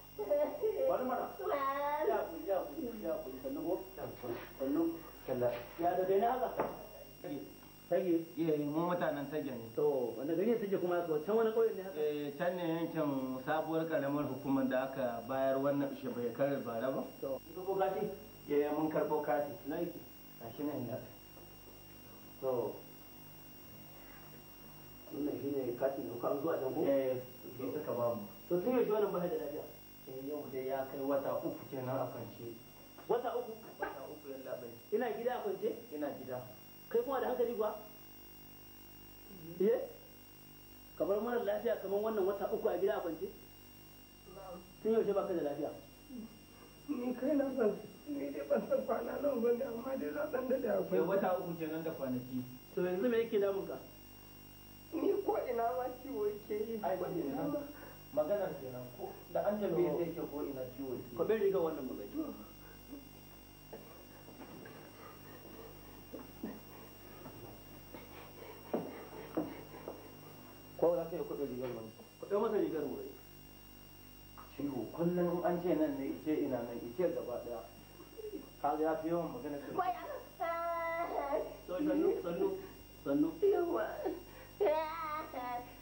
S2: bari mana ya ya ya sannu ko sannu ya mutanen tage ne to wanda gari tage kuma haka can wani ƙauyen ne haka eh can ne yankin sabuwar karamar hukumar da aka bayar wannan shekarar bara ba to ko kati ye mun karbo kati na yake gashi nan da to wannan shine katin da kan zuwa can ko eh sai suka ba mu to sai ya ji wannan ba da lafiya Eh, yau dai ya kai wata uku kenan a kwance wata uku wata uku yalla bai ina gida a kwance ina gida kai kuma da hankali kuwa mm-hmm. eh kamar mara lafiya kamar wannan wata uku a gida a kwance tun yaushe ba ka da lafiya ni kai na san ni dai ban san kwana nan ba ne amma dai na san da da akwai wata uku kenan da kwanaki to yanzu me yake damun ka ni ko ina ma ciwo yake yi ai ba ina maganar kenan ko da an tambaye sai ke ko ina ciwo ke ko bai riga wannan magana ko za ka yi kuɗin rigar wani kuɗin masa rigar wani ciwo kullum an ce nan ne ice ina nan ice gaba ɗaya kaga ya fi yawan magana su ah, ah. sannu sannu sannu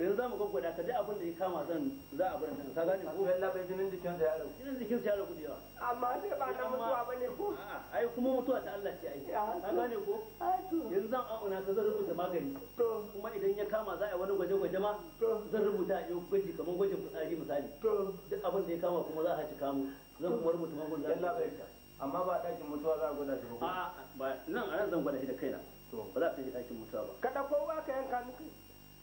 S2: za mu zamu gwaggwada ka duk abin da ya kama zan za a bar ka gane ko ya bai jinin jikin ya yaro jinin jikin ya ragu da yawa amma sai ba na mutuwa bane ko ai kuma mutuwa ta Allah ce ai ka gane ko yanzu zan auna ka zan rubuta magani kuma idan ya kama za a yi wani gwaje-gwaje ma zan rubuta a yau gwaji kamar gwajin fitsari misali duk abin da ya kama kuma za a ci kamu. zan kuma rubuta magungunan Allah bai amma ba dakin mutuwa za a gwada shi ba a'a ba nan a nan zan gwada shi da kaina ba za a fi dakin mutuwa ba kada ba ka yanka ni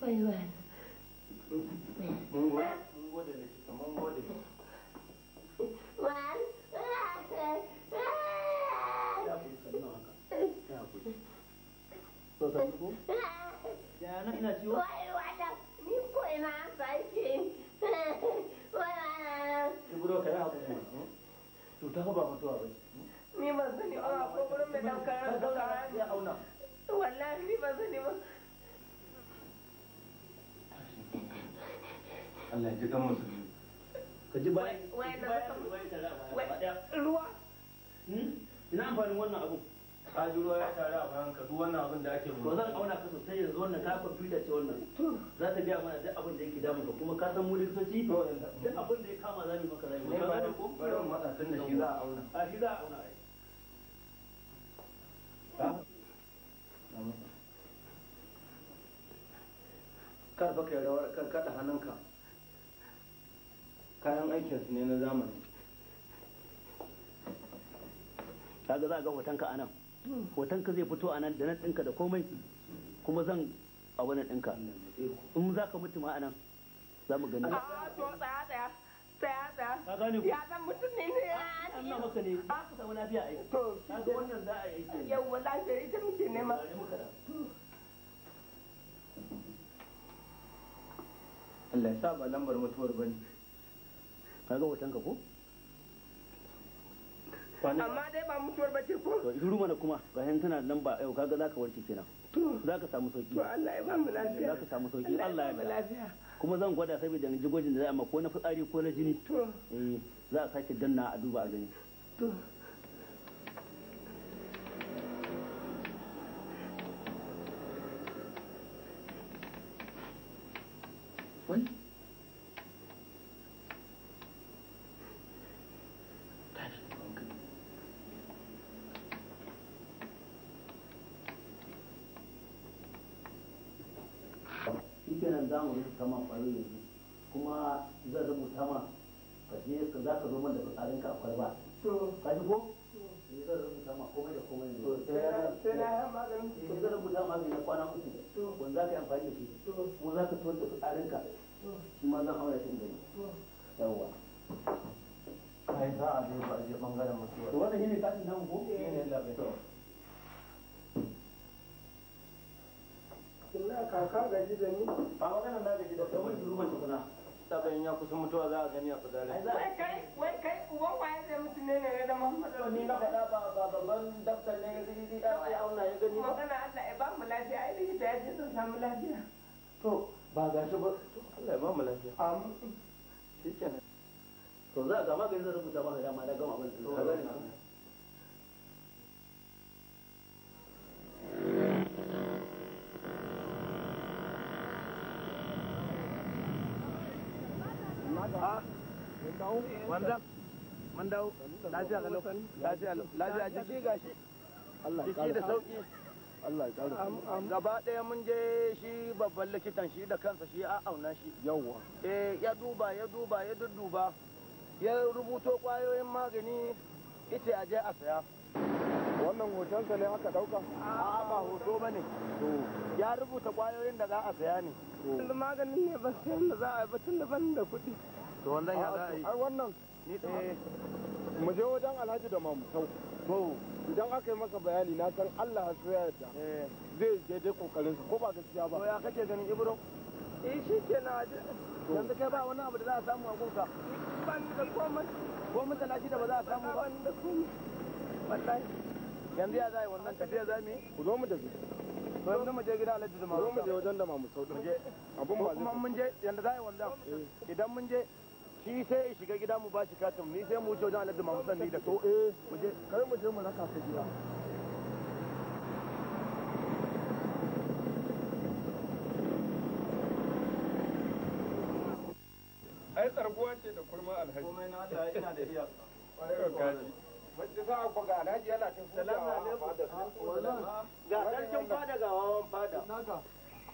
S2: Wai wani. Mun gode da mun gode. ni ko ina fashe. Hmm? ba hmm? Ni a ko gurin mai dankara da Ya auna. Wallahi ni ba. Allah ji kan musulmi ka ji bayan ruwa hmm? ina amfanin wannan abu ka ji ruwa ya tare a bayan ka duk wannan abin da ake ruwa zan auna ka sosai yanzu wannan ka kwamfuta ce wannan za ta biya mana duk abin da yake damu ka kuma ka san mu likitoci duk abin da ya kama za mu maka ne ba ka ko bari mu matsa tun da shi za a auna a shi za a auna ai kar baka rawar kar kada hannunka kayan aikinsu ne na zamani ga za ga hotonka a nan hotonka zai fito a nan da nan ɗinka da komai kuma zan a wani ɗinka in za ka mutu ma a nan za mu gani ah, ya zan mutum ne ne ya ah, Allah maka ne ba ku samu lafiya ai to kaga wannan za a yi aiki yawa lafiya ita muke nema Allah ya sa ba lambar mutuwar bane kaga hoton ka ko amma dai ba mutuwar bace ko to shiru mana kuma ga hin tana nan ba yau kaga zaka warke kenan zaka samu sauki to Allah ya ba mu lafiya zaka samu sauki Allah ya ba lafiya kuma zan gwada saboda ji gwajin da za a ma ko na fitsari ko na jini to eh za a sake danna a duba a gani
S1: to wani
S2: zamanin mu yanzu kuma zan rubuta ma ka je za ka zo man da fitsarinka a kwalba ka ji ko eh, zan rubuta ma komai da komai ne sai na maganin eh, zan rubuta na kwana uku za ka yi amfani da shi kuma za ka tuwar da shi ma zan aure shi yawwa za a je ba a je bangaren mutuwa to wannan shine nan ko eh. ne to ina kaka gaji da ni ba da kai mun duba tukuna saboda ya kusan mutuwa za a gani a fitare wai kai wai kai uban waye zai mutu ne ne da Muhammadu ni na faɗa ba babban daftar ne ya gidi da ai auna ya gani magana Allah ya ba mu lafiya ai likita ya ce sun samu lafiya to ba ga shi ba Allah ya ba mu lafiya am to za a ga magani zan rubuta maka dama da gama abin da ka gani mun dawo lafiya lafiya lafiya gashi da sauki Allah ya gaba ɗaya mun je shi babban likitan shi da kansa shi a auna shi eh ya duba ya duba ya dudduba ya rubuto ƙwayoyin magani ita aje a saya wannan hotonsa ne aka ɗauka a'a ba hoto ba ne ya rubuta ƙwayoyin da za a saya ne maganin ne ban sayan da za a yi ba da ban da kuɗi to wannan ya za a yi ai wannan ni eh mu je wajen alhaji da mamutau to idan aka yi masa bayani na san Allah ya soya yadda eh. zai je je kokarin ko ba gaskiya ba to ya kake ganin ibro eh shi kenan yanzu kai ba wani abu da za a samu a gunka ban da komai ko mutala da ba za a samu ba da komai wallahi yanzu ya za yi wannan tafiya za mu yi ku zo mu tafi to yanzu mu je gida alhaji da mamu zo mu je wajen da mamu sau abun ba zai kuma mun je yanda za a yi wannan eh. idan mun je shi sai ya shiga gida mu ba shi katin ni sai mu wuce wajen alhaji mamu sanni da to eh mu je kai mu je mu raka su gida ai tsarguwa ce da kurma alhaji komai na da ina da iya Wajen za a ku ga alhaji yana cin salamu alaikum ga sarkin fada ga wawan fada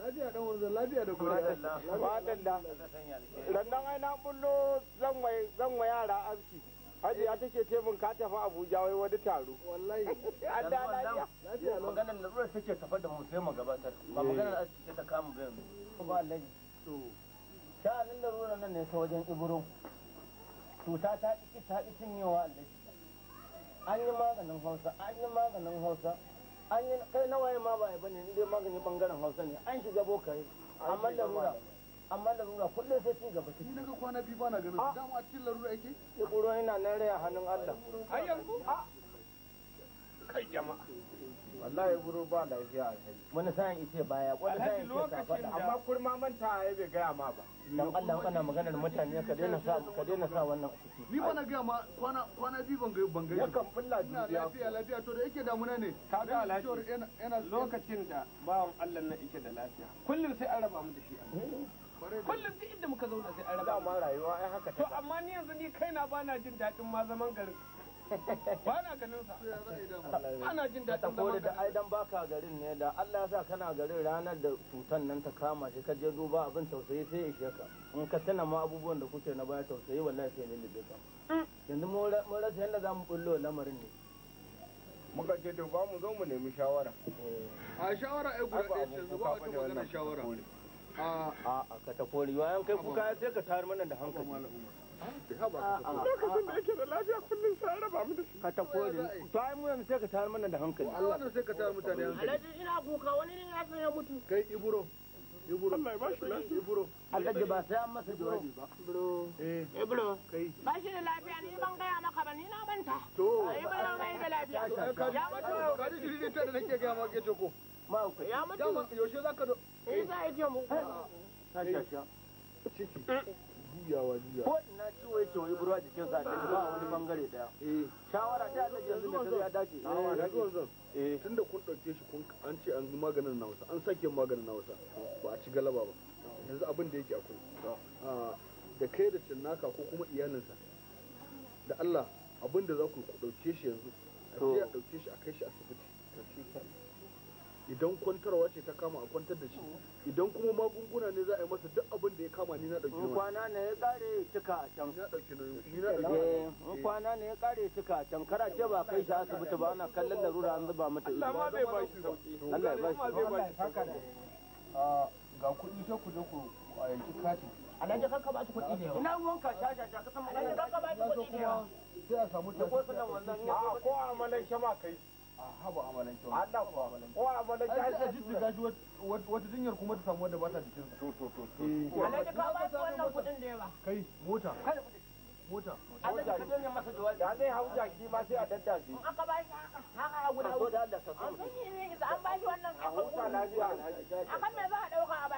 S2: Lafiya dan wanzu na bullo zan wa yara aski. Haji ya take ce mun ka tafi Abuja wai wani taro. Wallahi. An da lafiya. Maganar take da mu gabatar. Ba maganar da eh. nan ne ta wajen Cuta ta ƙi ta an yi maganin Hausa. an yi kai nawaye ma ba ba ne dai magani bangaren hausa ne an shiga boka yi amma larura amma larura kullum sai ci gaba ni daga kwana biyu bana ganin ah. da mu a cikin larura yake ya ina hannun Allah har yanzu a ah. kai jama'a wallahi buru ba lafiya a kai wani sa'in ice baya wani sa'in ce kafaɗa amma kurma manta ya bai gaya ma ba dan Allah kana maganar mutane ka daina sa ka daina sa wannan ciki ni ba na gaya ma kwana kwana bi ban ga ban ga kan fulla ina lafiya lafiya to da yake damuna ne ka ga alhaji lokacin da bawan Allah na yake da lafiya kullum sai an raba mu da shi kullum duk inda muka zauna sai an raba mu rayuwa ai haka to amma ni yanzu ni kaina bana jin daɗin ma zaman garin ba ganin sa ana jin daɗin zama da aidan baka garin ne da Allah ya kana garin ranar da cutan nan ta kama shi ka je duba abin tausayi sai ishe ka in ka tana ma abubuwan da kuke na baya tausayi wallahi sai libe ka yanzu mun rasa yadda za mu bullo lamarin ne muka ce to ba mu zo mu nemi shawara a shawara ai guda ɗaya ce zuwa wata magana shawara a a ka ta kori yayin kai kuka sai ka tayar mana da hankali lokacin da yake da lafiya kullum sai raba mu da shi ka ta kore to ai mu yanzu sai ka tayar mana da hankali Allah ne sai ka tayar mutane hankali alhaji ina kuka wani ne ya san ya mutu kai iburo iburo Allah ba shi lafiya iburo alhaji ba sai an masa jawabi ba iburo eh iburo kai ba shi da lafiya ni ban gaya maka ba ni na banta to iburo da lafiya ya mutu ka ji jirgin ta da nake ga ma ke toko ma ku ya mutu yaushe zaka do eh za a yi mu ta juyawa juya ko ina ciwo yake wani burwa jikin sa da ba wani bangare daya eh. shawara ta Allah yanzu ne ya dace shawara ga wanzan eh. eh tunda kun dauke shi kun an ce an maganin na wasa an sake maganin na wasa ba a ci galaba ba yanzu abin da yake akwai ah, da kai da cinnaka ko kuma iyalinsa da Allah abin da za ku dauke shi yanzu a dauke shi a kai shi asibiti idan kwantarwa ce ta kama a kwantar da shi idan kuma magunguna ne za a yi masa duk abin da ya kama ni na ɗauki nauyi kwana ne ya kare cika a can ni ɗauki nauyi ni ɗauki eh, kwana ne ya kare cika a can kara ce ba kai shi asibiti ba ana kallon larura an zuba mata ido bai ba shi ah, sauki a samu ko a malaysia haba amalan kyau Allah ko amalan ko amalan kyau sai ji diga shi wata kuma ta samu wadda ba ta cikin to to to to eh. alaji ka ba wannan kudin da yawa kai mota mota Allah ka dinga masa duwa da zai hau jaki ma sai a daddaje in aka ba shi haka haka guda to da Allah ka so an ba shi wannan kafa huta lafiya alhaji me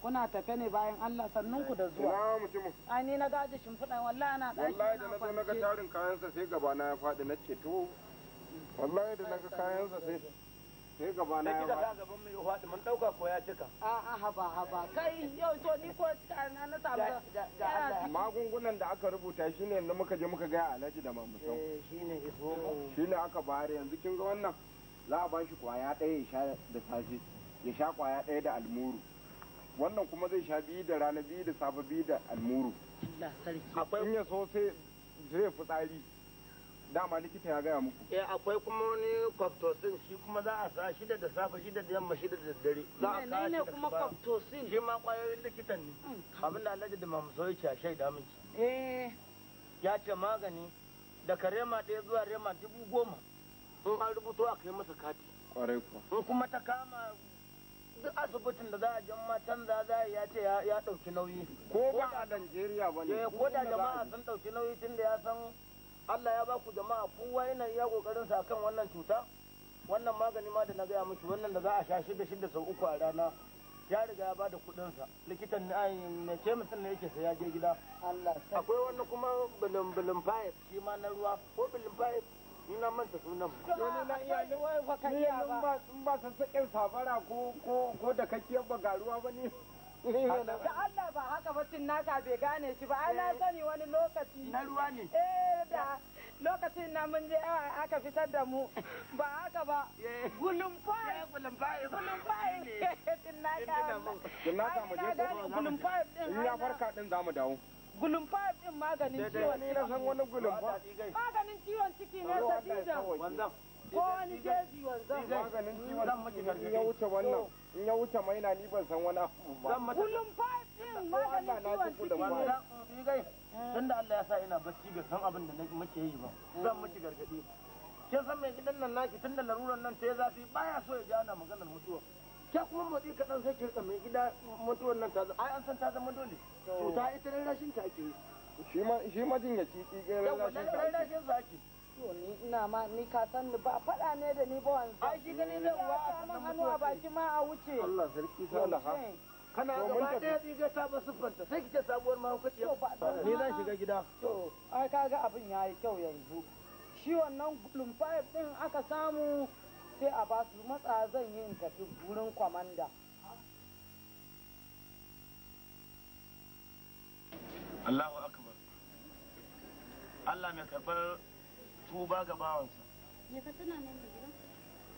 S2: kuna tafe ne bayan Allah sannan ku da zuwa ina mutumin ai ni na gaji shimfiɗan wallahi na ɗaki wallahi da na zo na ga tarin kayansa sai gaba na ya faɗi na ce to wallahi da na ga kayansa sai sai gaba na ya faɗi gaban mai faɗi mun ɗauka ko ya cika a a haba haba kai yau to ni ko cika na na samu magungunan da aka rubuta shine na muka je muka ga Alhaji da mamusan eh shine iso shine aka bayar yanzu kin ga wannan za a bashi kwaya ɗaya ya sha da safe ya sha kwaya ɗaya da almuru wannan kuma zai sha biyu da rana biyu da safe biyu da almuru akwai in ya so sai zai fitsari dama likita ya gaya muku eh akwai kuma wani kwaptosin shi kuma za a sa shida da safe shida da yamma shida da dare za a sa ne kuma kwaptosin shi ma kwayoyin likitan ne mm. abin da alhaji da mamsoyi ce a shaida miki eh ya ce magani daga rema ɗaya zuwa rema dubu goma sun an rubuto a kai masa kati kwarai kuwa in kuma ta kama duk asibitin da za a jan matan za za ya ce ya ɗauki nauyi ko ba a Najeriya ba ne eh, ko da jama'a sun ɗauki nauyi tun da ya san Allah ya baku jama'a kowa yana iya kokarin sa kan wannan cuta wannan magani ma da na gaya miki wannan da za a sha shida shida sau uku a rana ya riga ya bada kuɗin sa likitan ne ce mutum ne yake saya je gida Allah akwai wani kuma bilin bilin fayif. shi ma na ruwa ko bilin fayif. ni na manta sunan ba ni na iya ni wai fa ka iya ba ni ba san sakin safara ko ko ko da kake ba garuwa ba ne. da Allah ba haka ba bacin naka bai gane shi ba ai na sani wani lokaci na ruwa ne eh da lokacin na mun je aka fitar da mu ba haka ba gulumfai gulumfai gulumfai ne din naka din naka mu je ko ya farka din zamu dawo gulumfa din maganin ciwon ciki na san wani gulumfa maganin ciwon ciki ne sabida ko wani jeji wanzan maganin ciwon gargadi ya wuce wannan in ya wuce mai na ni ban san wani abu ba gulumfa din maganin ciwon ciki ne tunda Allah ya sa ina bacci bai san abin da muke yi ba zan miki gargadi kin san mai gidan nan naki tunda laruran nan ta zafi baya so ya ji ana maganar mutuwa ke kuma motsi kaɗan sai kirka mai gida mutuwar nan ta zama ai an san ta zama dole cuta ita ran rashin ta ake shi ma shi ma jin yaci ƙiƙe ran rashin rashin ta ake to ni ina ma ni ka san ba faɗa ne da ni ba wanzu ai shi gani ne uwa a san hannu a baki ma a wuce Allah sarki salaha
S1: kana gaba ɗaya
S2: tsiga ta ba siffanta sai kice sabuwar mahaukaciya ni zan shiga gida to ai kaga abin yayi kyau yanzu shi wannan lumfa din aka samu sai a ba su matsa zan yi in tafi wurin kwamanda Allahu akbar Allah mai karɓar tuba ga bawansa me ka tuna ne mai gida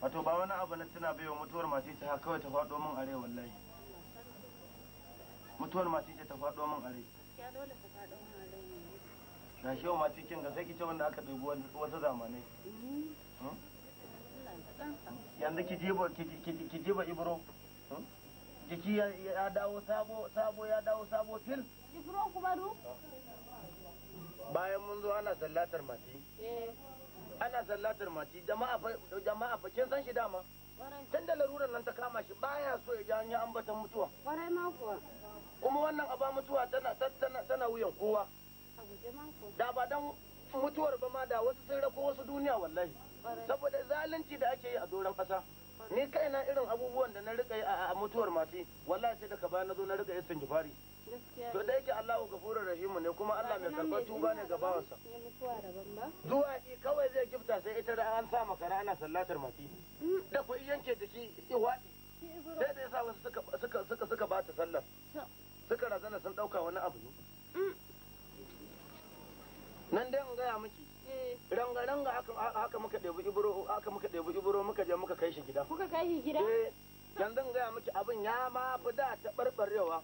S2: wato ba wani abu na tuna bai wa mutuwar mace ta kawai ta faɗo min are wallahi mutuwar mace ta faɗo min are
S1: ya dole ta faɗo min are
S2: ga shi wa mace kin ga sai kice wanda aka dubi wasu zamanai mhm. hmm? yanzu ki jiba ki ibro hmm? jiki ya dawo sabo sabo ya dawo sabo fil ibro kuma du bayan mun zo ana sallatar mati eh. ana sallatar mati jama'a jama'a fa kin san shi dama tun da laruran nan ta kama shi baya so ya ji an yi ambatan mutuwa kwarai ma kuwa kuma wannan aba mutuwa tana tana tana wuyan kowa da ba dan mutuwar ba ma da wasu sun rako wasu duniya wallahi saboda zalunci da ake yi a doron ƙasa ni kaina irin abubuwan da na rika yi a mutuwar mati wallahi sai daga baya na zo na rika yi sanjifari to da yake Allahu gafurur rahimu ne kuma Allah mai karba tuba ne ga bawansa zuwa shi kawai zai gifta sai ita da an sa makara ana sallatar mati hmm. da ku yanke jiki iwaɗi sai da yasa wasu suka suka suka ba ta sallar suka razana sun ɗauka wani abu hmm. nan dai in gaya miki ranga ranga haka muka ɗebi ibro haka muka ɗebi ibro muka je muka kai shi gida kuka kai shi gida eh yanzu gaya miki abin ya ma fi da barbarewa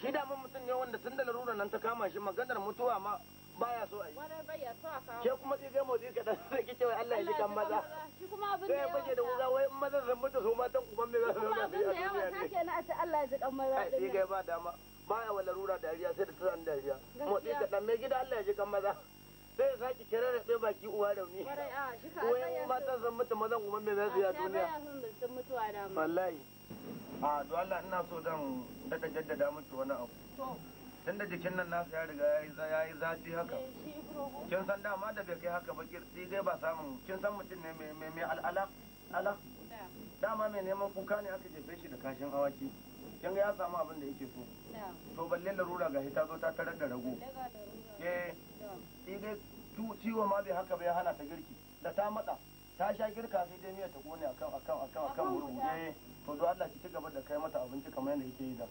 S2: shi da mun mutum ne wanda tun da larura nan ta kama shi maganar mutuwa ma baya so a aka ke kuma sai ga motsi ka dan sai kike wai Allah ya ji kan maza shi kuma abin da ya bace da wuga wai maza zan mutu ma dan kuma me za su zauna su yi abin da ya na a ta Allah ya ji kan maza sai ga ba dama baya wa larura dariya sai da tsan dariya motsi ka dan me gida Allah ya ji kan maza sai ya sake kira da sai baki uwa da ni kuma yan mata san mutu mazan kuma mai zai ya duniya wallahi a to Allah ina so zan daga jaddada mutu wani abu tun da jikin nan nasu ya riga ya yi zafi haka eh, kin san dama da bai kai haka ba ki dai ba samun kin san mutum ne mai al'ala dama mai neman kuka ne aka jefe shi da kashin awaki kin ga ya samu abin da yake so to balle larura ga ta zo ta tarar da rago eh, eh dai ciwo ma bai haka bai hana ta girki da ta matsa ta sha girka sai dai miya ta kone akan akan akan akan wurin eh, to don Allah ki ci gaba da kai mata abinci kamar yadda yake yi da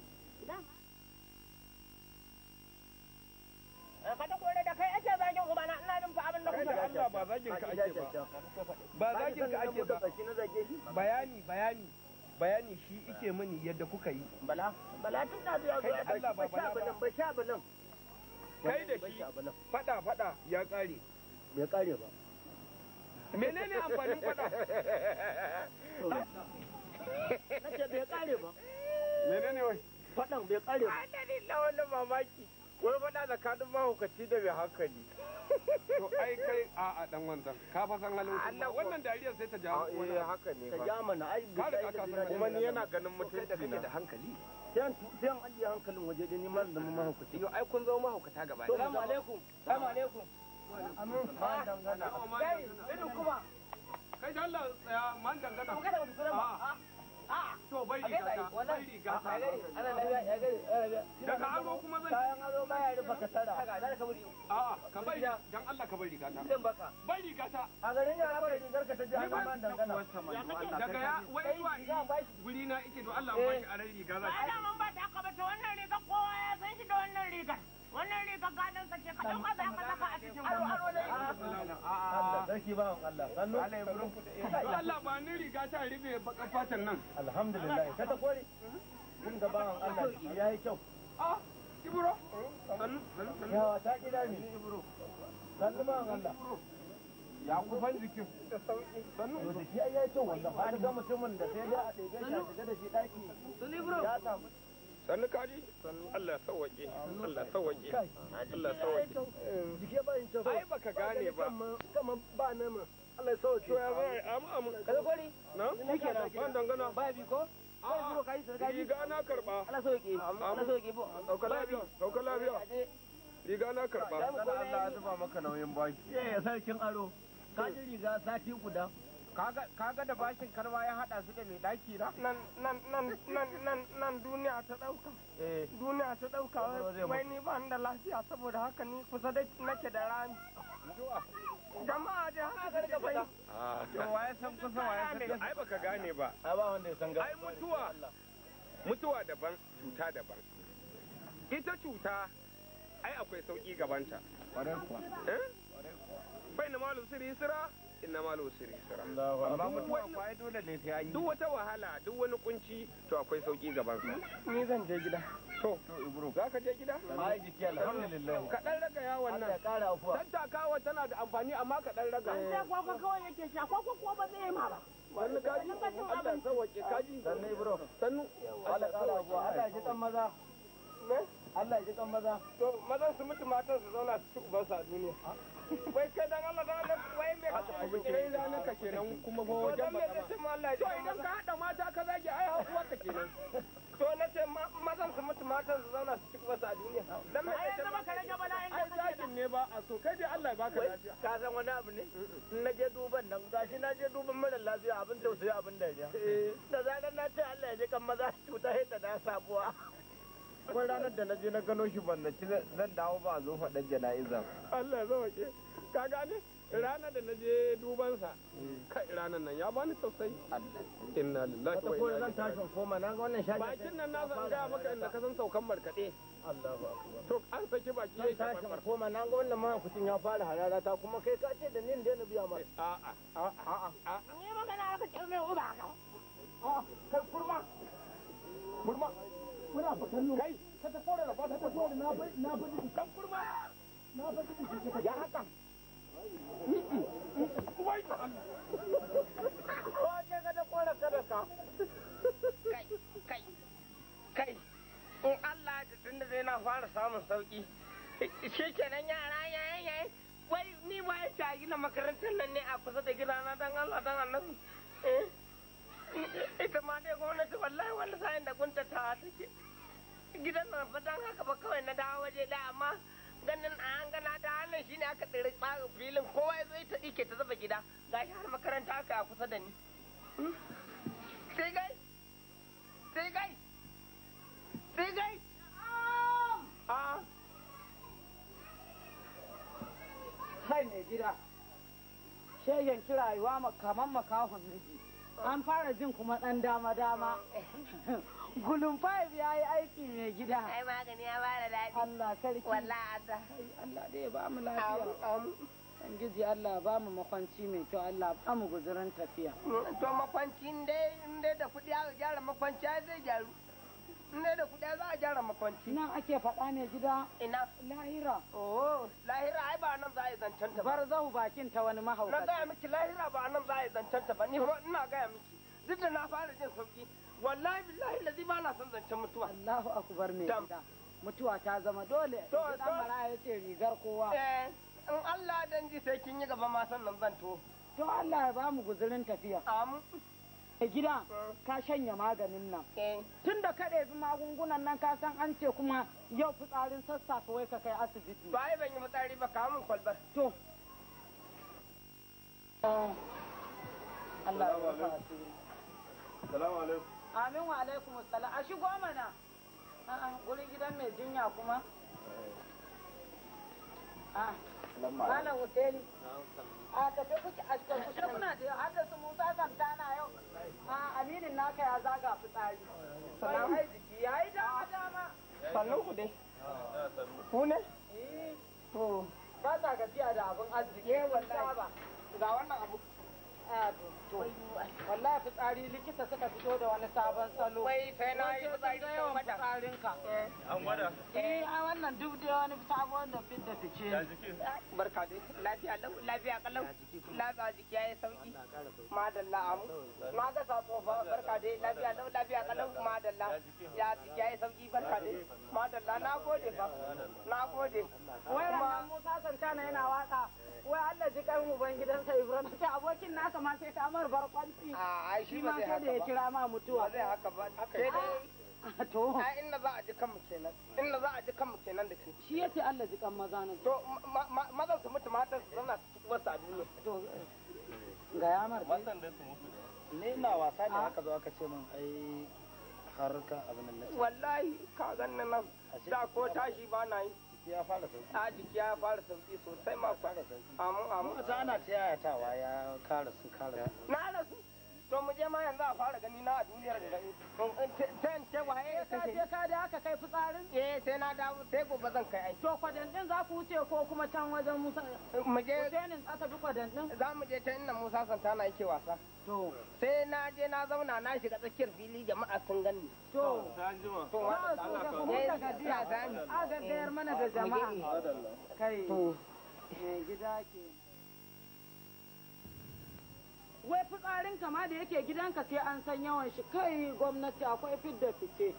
S2: eh, kore da kai ake zagin uba na ina jin fa abin da kuka Allah ba zagin ka ake ba ba zagin ka ake ba bayani bayani bayani shi ike mani yadda kuka yi bala bala tun da zuwa zuwa da ba ba balan, ba sha balan kai da shi fada fada ya kare bai kare ba menene amfanin fada kace bai kare ba menene wai fadan bai kare ba a dalilin wani mamaki wai fada tsakanin mahaukaci da mai hankali to ai kai a a dan wanzan ka fa san halin Allah wannan dariyar sai ta jawo ah, wani eh haka ne ta ja mana ai kuma ni yana ganin na da hankali sai sai an ajiye hankalin waje da ni ma da mahaukaci yo ai kun zama mahaukata gaba ɗaya assalamu alaikum assalamu alaikum amin ma ah, dangana kai idan kuma kai da Allah tsaya man dangana to bai riga ta bai riga ta ana lafiya ya gari daga aro kuma zan kayan aro ba ya rufa ka tara a ka bai dan Allah ka bai riga ta zan baka bai riga ta a garin yara ba da rigar ta ji a dangana daga ya wai zuwa guri na ike to Allah ba shi a ran riga za ka ba ta ka ba ta wannan rigar kowa ya san shi da wannan rigar wannan riga gadon ce ka dauka za ka saka a cikin aro aro ne Allah sarki ba mu Allah Allah ya burin kuɗi Allah ba ni riga ta fatan nan alhamdulillah ka ta kore kun Allah yayi kyau ah, ta gida ne Allah ya jikin da sauki sannu da shi ga mutumin da sai da a da shi ɗaki ya samu sannu kaji Allah sawaƙe Allah sawaƙe Allah sawaƙe jike ba in tafi ai gane ba kama ba nama Allah ya to ya na nake na ban dangana ba bi ko kai zuro kai sarka ji riga na karba Allah sawaƙe Allah sawaƙe bo dauka lafiya dauka lafiya riga na Allah ya zuba maka nauyin baki eh sarkin aro ka ji riga sati guda kaga da bashin karwa ya hada su da mai daki na nan nan nan nan nan duniya ta dauka eh. duniya ta dauka wai ni ba da lafiya saboda haka ni kusa da nake da rami jama'a da haka da bai to waye san kusa waye san ai baka gane ba ai ba wanda ya san ai mutuwa mutuwa daban cuta daban ita cuta ai akwai sauki gabanta kwarai kuwa eh bai na malu sirri sira inna ma lusri yusra amma mutuwa fa dole ne sai an yi duk wata wahala duk wani kunci to akwai sauki gaban ka ni zan je gida to to ibro za ka je gida mai jiki alhamdulillah ka dan raga ya wannan ka kara nan dan takawa tana da amfani amma ka dan raga dan da eh. kwakwa kawai yake sha kwakwa ko ba zai yi ma ba sannu kaji Allah sauwake kaji sannu ibro sannu Allah kara afuwa Allah ji dan maza me Allah ji dan maza to mazan su mutu matan su zauna su ci ubansu a duniya wai kai dan Allah dan Allah wai me ka kai ranar ka kenan kuma ba wajen ba to idan ka hada mata ka zage ai hakuwa ka kenan to na ce mazan su mutu matan su zauna su ci gaba su a duniya dan me ka zama ka rage bala'in da kake zakin ne ba a so kai dai Allah ya baka lafiya ka san wani abu ne na je duban nan gashi na je duban mara lafiya abin tausayi abin dariya eh. da zaran na ce Allah ya ji kan maza cuta sai ta da sabuwa akwai ranar da na je na gano shi ban ci zan dawo ba zo faɗan jana'iza Allah ya zama ke ka gane ranar da na je dubansa kai ranar nan ya bani sosai inna lillahi wa inna ilaihi raji'un koma na ga wannan shaji bakin nan na san ga maka inda ka san saukan markade Allahu akbar to an saki baki yayi ta farfar koma na ga wannan kucin ya fara harara ta kuma kai ka ce da ni da na biya mar a a a a a ni magana ka ce mai uba ka kai kurma kurma kuna bakan kai ka ta fara rafa ta fara na ba na bai jiki kan kurma na bai jiki ka ya haka wai ta ko je ka ta fara kada ka kai kai kai in Allah da tunda na fara samun sauki shekenan yara yayin yayin wai ni ya gina makarantar nan ne a kusa da gidana dan Allah dan eh, ita ma dai gwamnati wallahi wani sa'in da gunta ta take gidan nan ba dan haka ba kawai na dawo waje da amma ganin an gana ta hannun shi ne aka tsere filin kowa ya zo ita ike ta zaba gida ga shi har makaranta aka kusa da ni hmm? sai gai sai gai a ah! mai gida shegen kirayuwa kaman makahon miji an fara jin kuma dan dama dama ah. Gulun five ya yi aiki mai gida. Ai magani ya bada daɗi. Allah sarki. Walla Allah. Allah dai ba mu lafiya. Amu. Ubangiji Allah ba mu makwanci mai kyau Allah ba mu guzurin tafiya. To makwanci dai in dai da kuɗi aka gyara makwanci zai gyaru. ne da kuɗi za a gyara makwanci. Nan ake faɗa ne gida. Ina. Lahira. Oh, lahira ai ba nan za a yi zancen ta ba. Bar zahu bakin ta wani mahaukaci. Na gaya miki lahira ba nan za a yi zancen ta ba, ni ina gaya miki. Duk da na fara jin sauki. wallahi billahi lazi ba na san zancen mutuwa Allahu akbar mai gida mutuwa ta zama dole to dan mara ya ce rigar kowa eh in Allah dan ji sai kin yi gaba ma sannan zan to to Allah ya ba mu guzurin tafiya amin a gida eh. ka shanya maganin nan eh. tun da ka ɗebi magungunan nan ka san an ce kuma yau fitsarin sassafe wai ka kai asibiti ba ban yi fitsari ba kamun kwalbar to
S1: Allah ya ba ka
S2: Salamu alaikum. amin wa alaikum salam a shigo mana a'a gurin gidan mai jinya kuma ah, mana hoteli A tafi kuke a kushe kuna da har da su Musa Santana yau. A ah, aminin naka ya zaga fitsari. Salam. Ai jiki yayi dama dama. sannu ku dai. Ku ne? Eh. To. Ba ta gajiya da abin arziki. Eh, Ga wannan abu. Ah, wallahi fitsari likita suka fito da wani sabon salo wai sai na yi fitsari da yawan fitsarin ka eh, an gwada eh a wannan duk da wani sabon da fit da fice eh, barka dai lafiya lafiya lafiya jiki sauki madalla amu ma ga barka dai lafiya lafiya madalla ya jiki sauki barka dai madalla na gode fa na gode wai ranar musa tana yana waka wai Allah ji ubangidansa Ibrahim ta abokin nasa ma sai ta maganar barkwanci shi ma sai da ya kira ma mutuwa zai haka ba haka ah, to ai inda za a ji kanmu kenan inda za a ji kanmu kenan da ke shi yace Allah ji kan maza ne to mazan su mutu matan su zauna su wasu a duniya to ga yamar matan da su mutu ne ina wasa ne ah? haka zo aka ce min ai harkan abin nan wallahi ka ganna nan da ko tashi ba na yi jiki ya fara sauki a ah, jiki ya fara sauki sosai ma fara sauki amma amma ana ta yayatawa ya karasu karasu na rasu to mu je ma yanzu a fara gani na a duniyar da gani ten ce waye ya kashe ka ka da aka kai fitsarin eh sai na dawo sai gobe zan kai ai to kwadan din za ku wuce ko kuma can wajen Musa mu je Husainin aka bi kwadan din za mu je ta inda Musa Santana yake wasa to sai na je na zauna na shiga tsakiyar fili jama'a sun ganni to ta jima to Allah ka ga eh, daga a ga mana da eh, jama'a kai gida kenan wai fitsarin kama da yake gidanka sai an san yawan shi kai gwamnati akwai da fice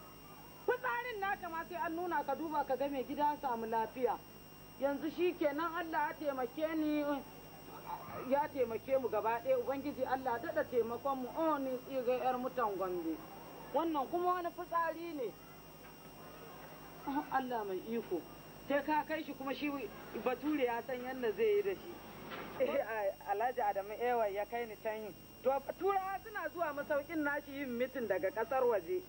S2: fitsarin na kama sai an nuna ka duba ka ga mai gida samu lafiya yanzu shi kenan allah ya taimake ni ya taimake mu gaba ɗaya ubangiji allah daɗa taimakon mu onin oh, tsiga yar mutan gombe wannan kuma wani fitsari ne oh, allah mai iko sai ka kai shi kuma shi bature ya san yadda zai yi da shi Eh, Alhaji Adamu Ewa eh, ya kai ni can yin. To turawa suna zuwa masaukin nashi yin mitin daga kasar waje.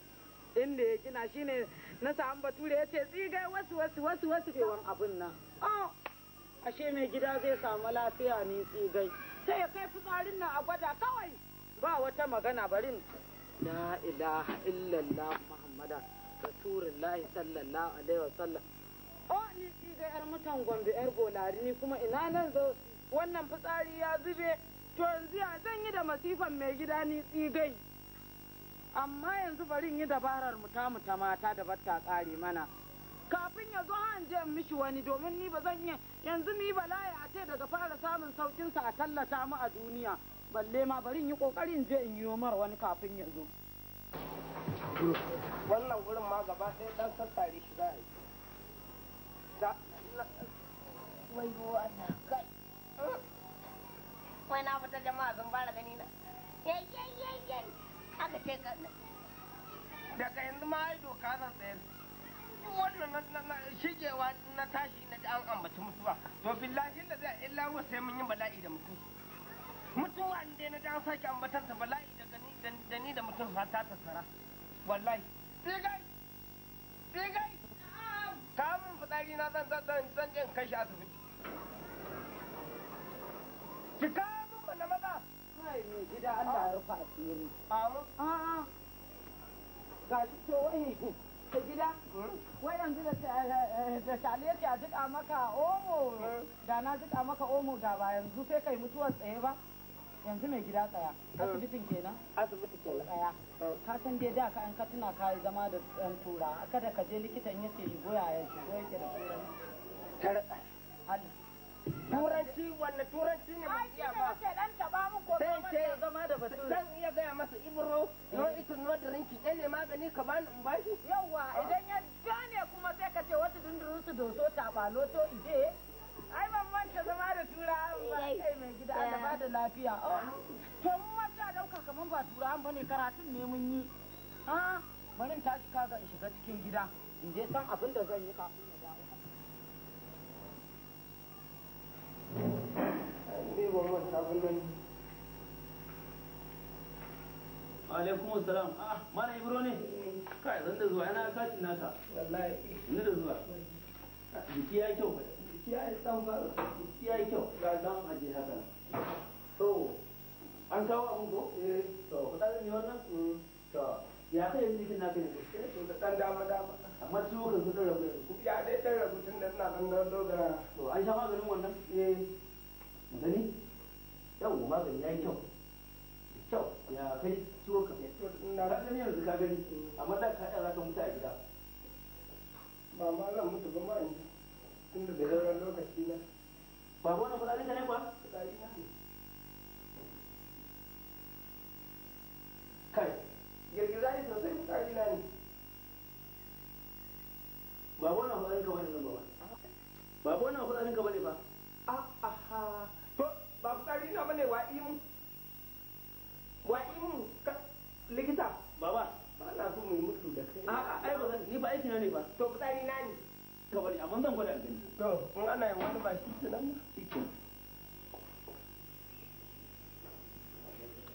S2: Inda ya gina shine na samu bature ya ce tsigai wasu wasu wasu wasu kewan abin nan. Oh, ashe mai gida zai samu lafiya ni tsigai. Sai ya kai fitsarin nan a gwada kawai. Ba wata magana barin. La ilaha illallah Muhammadan Rasulullahi sallallahu alaihi sallam. Oh ni tsigai yar mutan Gombe yar Bolari ni kuma ina nan zo wannan fitsari ya zube to yanzu ya zan yi da masifan mai gida ni tsigai amma yanzu bari yi dabarar mu ta mu ta mata da batta kare mana kafin ya zo an je mishi wani domin ni ba zan yi yanzu mi balaya a ce daga fara samun saukin sa a tallata mu a duniya balle ma bari yi kokarin je in yi mar wani kafin ya zo wannan gurin ma gaba sai dan sassare shi za a yi wai Allah kai wai na fita jama'a sun fara gani na yayyayyayyan aka ce ka daga yanzu ma ai doka zan tsayar wannan shigewa na tashi na ji an ambaci mutuwa to billahi da zai illa wa sai mun yi bala'i da mutum mutuwa ne na an sake ambatar ta bala'i da gani da ni da mutum har ta tasara wallahi tsigai tsigai kamun fitsari na zan zan zan kai shi asibiti ki kawo muku na maza kai mai gida Allah ya rufa asiri amin a'a ga shi to wai ta gida hmm. wai yanzu eh, da shale yake a jika maka omo hmm. da na jika maka omo da ba yanzu sai kai mutuwar tsaye ba yanzu mai gida tsaya hmm. asibitin kenan asibiti kenan tsaya ka san dai da ka an ka tuna ka zama da ɗan tura kada ka je likitan yace shigo ya shigo yake da turanci turanci wanda turanci ne mai iya ba sai ce zama da batun zan iya gaya masa ibro no eh. ito no drinki ne magani ka bani in bashi yawa ah. idan ya gane kuma sai ka ce wata dundurun su doso tabalo to ije ai ban manta zama da turawan ba eh. kai mai gida Allah ba da eh. lafiya oh, to mun manta dauka kaman ba turawan bane karatun ne mun yi a ah, bari tashi kaga in shiga cikin gida in je san abin da zan yi kafin alaikum salam ah mana ibro ne kai zan da zuwa yana katin naka wallahi ni da zuwa jiki ya kyau jiki ya san ba jiki ya kyau ga dan aje haka to an kawo abun ko eh to kudaden ne wannan mm. to ya kai yanzu kin kai eh, to da dan dama dama amma su kan su ɗan rabu yanzu ya dai ɗan rabu tun da ina ɗan dogara to an sha maganin wannan eh gani yau magani ya yi kyau da kyau ya kai ciwo ka na ka ne yanzu ka gani mm. amma da ka ɗan ka mutu a gida ba ma zan mutu ba ma in ji tun da sauran lokaci na ba wani kuɗaɗen ka ne ba kuɗaɗe na ne kai girgiza ne sosai kuɗaɗe na ne ba wani abu ɗarinka bane nan ba ba wani abu ɗarinka bane ba a aha to ba ku na bane wa imu wa imu likita Baba. ba ba na so mu mutu da kai a ai ba ni ba aikina ne ba to ku ɗari na ne ka bari amma zan gwada gani to in ana yin wani ba shi kenan ba shi kenan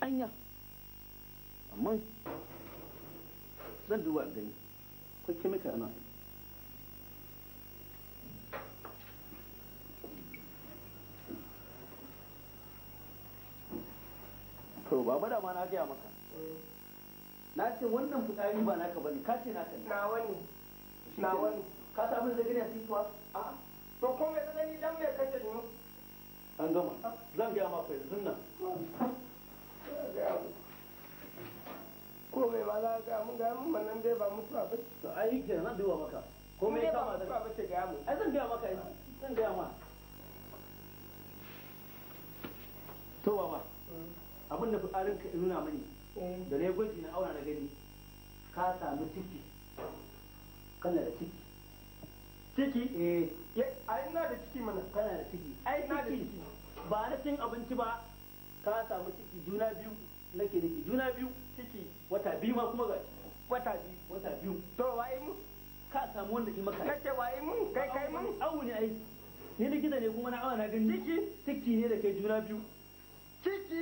S2: anya amma zan duba gani ko kemikal ana aiki ba ba bada ma na gaya maka na ce wannan fitsari ba naka bane ka ce naka ne Na wani. na wani ka samu da gani a tituwa a to ko mai tsanani dan mai kace ne an gama zan gaya maka yanzu nan ko mai ba za ga mun ga mun nan dai ba mutuwa ba to ai kenan nan duba maka ko mai kama da ba ce ga mu ai zan gaya maka zan gaya ma to ba ma mm. abin da fitsarin ka nuna mani eh. da na gwaji na auna na gani ka samu ciki kana da ciki ciki eh ai ina da ciki mana kana da ciki ai ina da ciki ba na cin abinci ba ka samu ciki juna biyu nake da juna biyu ciki wata biyu ma kuma ga wata biyu wata biyu to wai mu ka samu wanda ki maka nace wai mu kai kai mun awu ne ai ni likita ne kuma na awa na gani ciki ciki ne da kai juna biyu ciki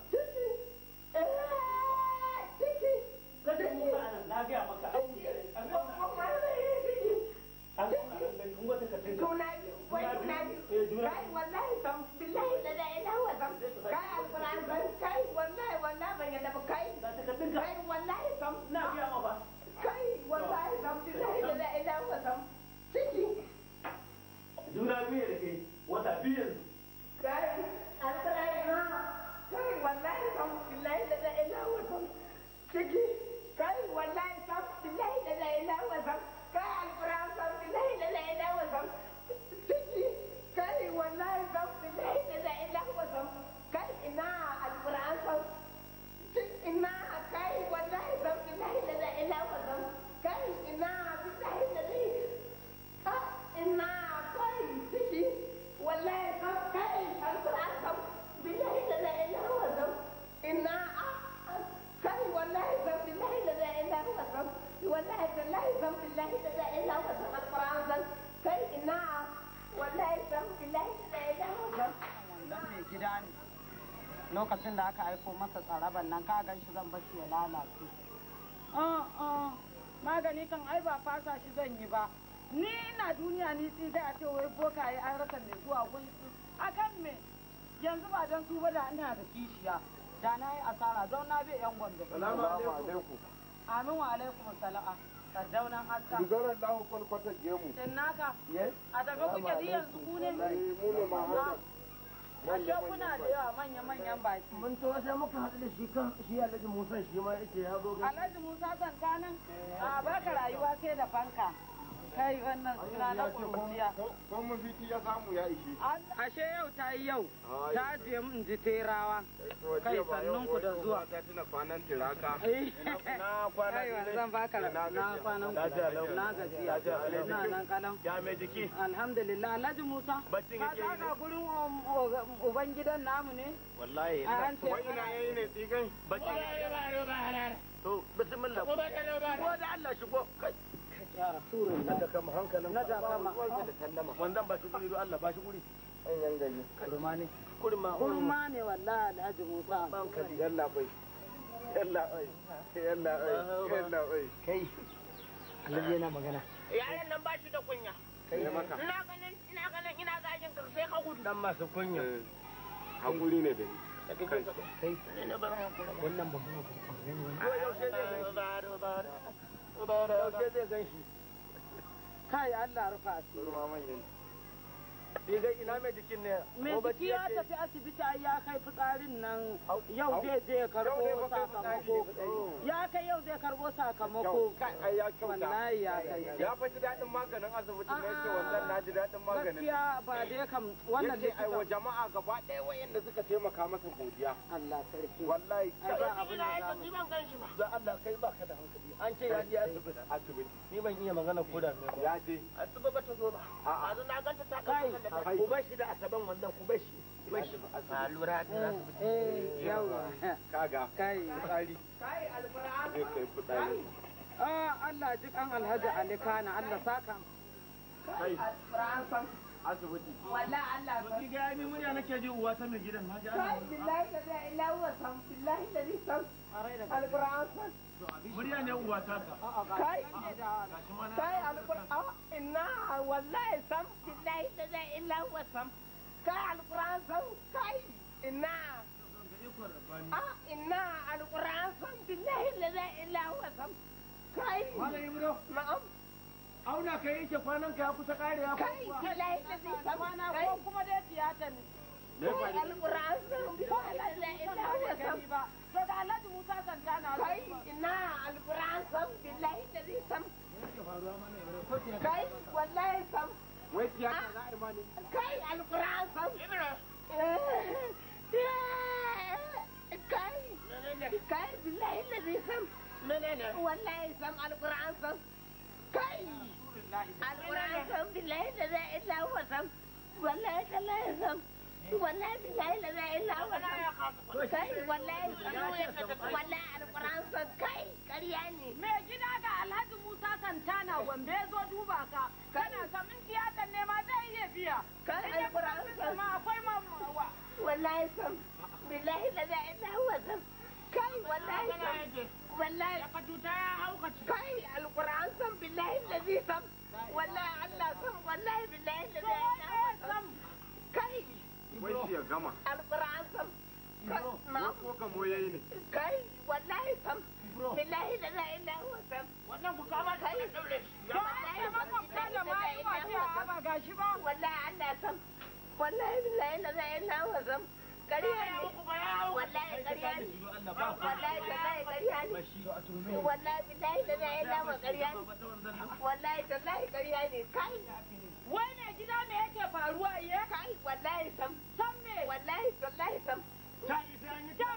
S2: kai wallahi sam billahi la la ilaha wa sam kai alquran kai kai wallahi wallahi ban yadda ba kai kai wallahi sam na biya ma ba kai wallahi sam billahi la la ilaha wa sam ciki juna biyu da kai wata biyu yanzu kai alquran kai wallahi sam billahi la la ilaha wa sam ciki طيب والله صمت الله لا اله الا هو صمت كاي على القران صمت الله لا اله الا هو صمت كاي والله صمت الله لا اله الا هو صمت كاي انها القران صمت انها lokacin da aka aiko masa tsaraban nan ka gan shi zan shi ya lalace ah, ah, magani kan ai ba fasa shi zan yi ba ni ina duniya ni tsi da a ce wai boka ya an rasa mai zuwa gun su kan me yanzu ba don su da ina da kishiya da na yi asara don na bi yan gombe salamu alaikum amin wa alaikum sala'a ah, Sardaunan haska. Dugaran lahu kwalkwatar gemu. Sinnaka. Yes. A daga kuke yanzu ku ne? Mu ne
S1: shekuna da yawa manya-manyan
S2: baki. Mun to sai muka haɗu da shi kan Alhaji Musa shi ma yace ya zo. Alhaji Musa zan nan a baka rayuwa sai da fanka.
S1: kai wannan ranar kurciya
S2: ko mun fiti ya samu ya ishe ashe yau ta yi yau ta je mun ji terawa kai sannun ku da zuwa ta tuna kwanan tiraka na kwanan zan baka na kwanan na gajiya na nan kalan ya mai jiki alhamdulillah alhaji musa bacin ka gurin uban namu ne wallahi wani na yayi ne tsigai to bismillah ko da Allah shigo kai ya rasulullah da kama hankalin na da kama da sallama wanzan ba shi guri do Allah ba shi guri an yan ne oh. ne ne ne yaushe zai gan shi kai Allah rufa asiri Diga ina mai jikin ne. Mai jiki ya tafi asibiti ai ya kai fitsarin nan yau zai je ya karbo sakamako. Ya kai yau zai karbo sakamako. Ai ya kyauta. Wallahi ya kai. Ya fa ji dadin maganin asibiti ne yake wannan na ji dadin maganin. Gaskiya ba dai kam wannan ne. Ai wa jama'a gaba ɗaya wayanda suka taimaka masa godiya. Allah sarki. Wallahi. Ai ba abin da ya ji ban ganshi ba. Da Allah kai baka da hankali. An ce ya je asibiti. Asibiti. Ni ban iya magana ko da me. Ya je. Asibiti ba ta zo ba. A'a. Yanzu na ganta ta kai. ku bashi da asaban wannan ku bashi a lura da eh, eh yawa kaga kai tsari kai kai ah Allah alhaji alikana Allah saka kai asibiti wallahi Allah ka ki ga ni murya nake ji uwa ta mai gidan na ji Allah billahi illa sam billahi la ilaha alquran san murya ne uwa ta kai kai alquran ah, inna wallahi sam billahi la ilaha illa huwa sam kai alquran san kai inna ah inna alquran san billahi la ilaha illa sam kai malai bro na'am auna ka yake kwanan ka ya kusa karewa ko kai kai lahi da zai kwana ko kuma dai tiyata ne
S1: ne da alquran sun bi Allah ya ina da san ba
S2: to da Allah Musa san ta na kai ina alquran sun billahi da zai san kai wallahi san wai tiyata ah. za a imani kai alquran sun eh, eh, kai kai billahi da zai san menene wallahi sam alquran sam kai alƙur'ani billahi da za a isa wasan wallahi tallahi sam wallahi billahi da za a isa wasan kai wallahi wallahi alƙur'an san kai ƙarya ne Me gida ga alhaji musa santana wanda ya zo duba ka kana samun min tiyatar ne ma zai iya biya kai alƙur'an san ma akwai ma wallahi sam billahi da za a isa wasan kai wallahi sam wallahi a fatuta ya haukace kai alquran san billahi allazi sam wallahi Allah san wallahi billahi allazi sam kai wai shi ya gama alquran sam ko ka moyayi ne kai wallahi sam billahi la ilaha illa sam wannan ku kama kai da daure wallahi ba ka ma yi ba gashi ba wallahi Allah sam wallahi billahi la ilaha illa sam ƙarya ne wallahi ne ne da ne ne kai yake faruwa ya kai sam da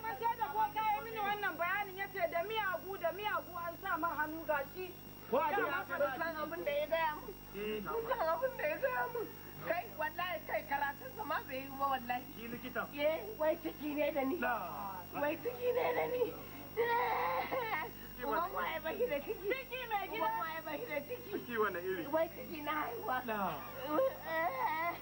S2: mini wannan bayanin ya ce da miyagu da miyagu an sa ma hannu gashi dama san abin da ya gaya mun eh, kun san abin da ya gaya mun kai wallahi kai karatun zama bai yi ba wallahi shi likita eh wai ciki ne da ni wai ciki ne da ni Uban waye ba shi da ciki. Ciki mai gida. Uban waye ba shi da ciki. Ciki wani iri. Wai ciki na haihuwa. Na. Eh.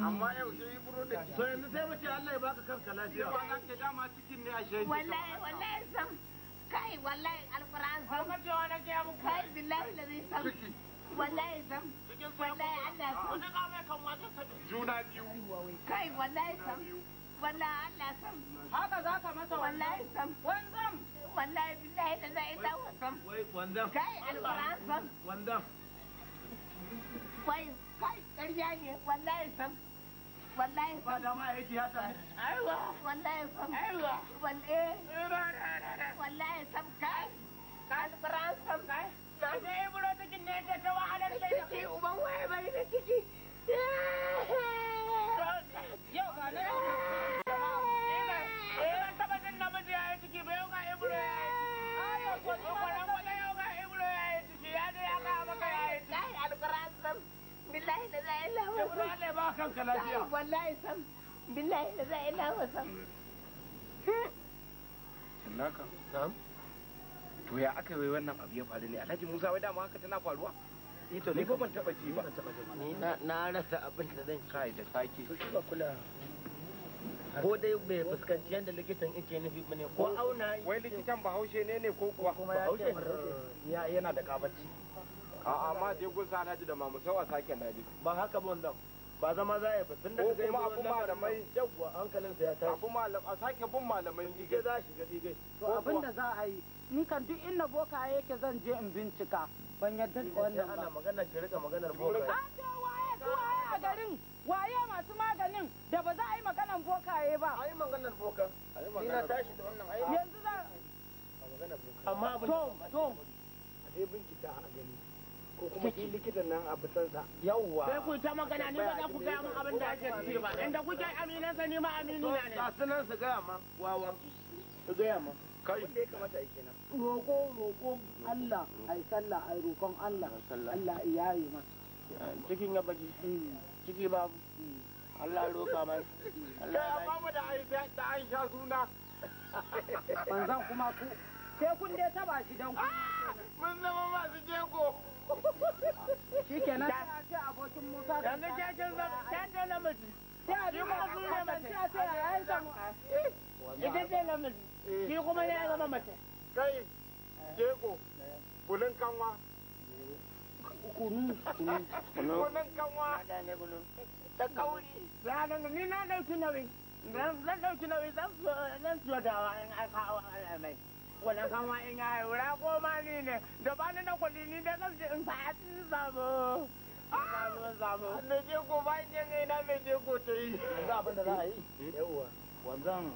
S2: amma yau sai yi buro da ciki. To yanzu sai mace Allah ya baka kanka lafiya. Yau ka dama cikin ne a shaidi. Wallahi wallahi sam. kai wallahi alquran sam kai billahi da zai sam wallahi sam wallahi Allah sam kai wallahi sam wallahi Allah sam haka sam wanzam billahi da zai da sam kai alquran sam kai sam wallahi ba da ma ta wahalar da ciki uban waye billahi da za illa wa sam Allah to ya aka yi wannan abu ya faru ne alhaji musa wai dama haka tana faruwa ito ban taba ci ba ni na rasa abin da zan kai da sake to ba kula ko dai bai fuskanci yadda likitan yake nufi ko auna wai likitan bahaushe ne ne ko kuwa bahaushe yana da kabaci a'a ma dai gusa na ji da mamusau a sake na ji ba haka ba wannan ba zama za a tun da kuma abu malamai yawwa hankalin sa ya tashi abu malam a sake bin malamai dige za shi ga dige to abin da za a yi ni kan duk inda boka yake zan je in bincika ban yadda da wannan ba ana magana ki rika maganar boka an da waye su waye a garin waye masu maganin da ba za a yi maganar bokaye ba a yi maganar boka a tashi da wannan yanzu za a maganar boka amma abin da ba a bincika a gani ko kuma shi likitan nan a bisan sa yawwa sai ku ta magana ni ba za ku gaya min abin da ake ciki ba inda kuke aminan sa ni ma aminu na ne ga sunan su gaya ma wawa su gaya ma kai wanda ya kamata a kenan roko roƙon Allah ai sallah ai roƙon Allah Allah ya yi ma cikin ya baji ciki babu Allah roƙa mai Allah ya ba mu da aisha da aisha suna banzan kuma ku sai kun dai taba shi dan ku ah! mun zama masu jego shi kenan ce abokin musa da yanzu jajin zan a ce a yayin samu idan shi kuma ne ya zama kai jego kanwa kunun kanwa kauri ni na dauki nauyi zan dauki nauyi zan dawa in aka hawa al'amai wala kama ina wura ko mani ne da ba ni na kwali ni da zan je in sa su samu samu samu me je ko ba je ne na me je ko to yi za abin da za a yi hmm? yawa wanzan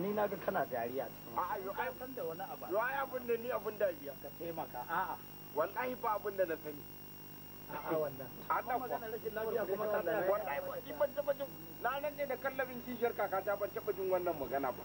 S2: ni na ga kana dariya a a'a yo ai san da wani abu yo ai abin da ni abin da biya ka taimaka a'a wallahi ba abin da na sani a'a wannan an da kuma rashin lafiya kuma ka wallahi ba ban taba jin na nan ne da kallabin kishiyar ta ban taba jin wannan magana ba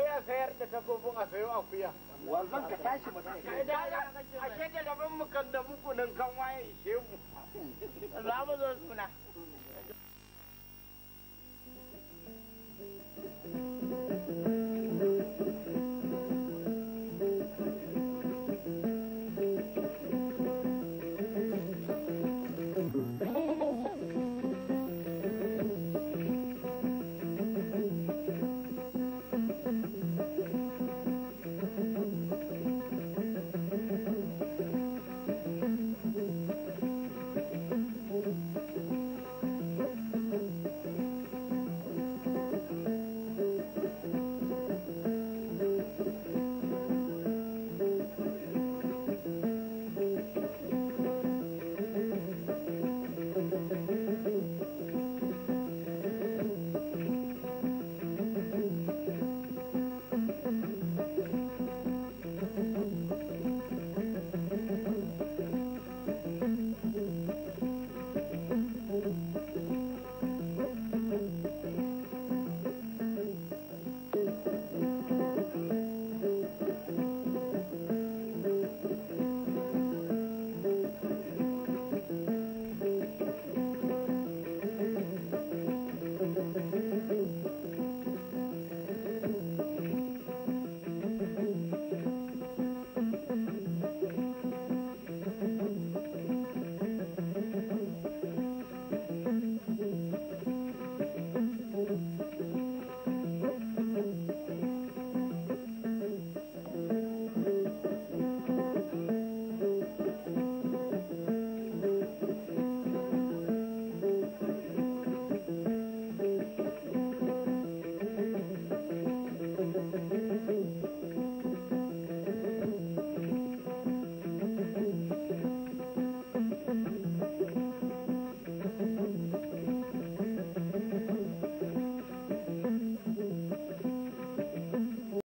S2: sai ya sayar da takobin a sayo akuya wanzan ka tashi mu a da da muku nan kan waye ishe mu za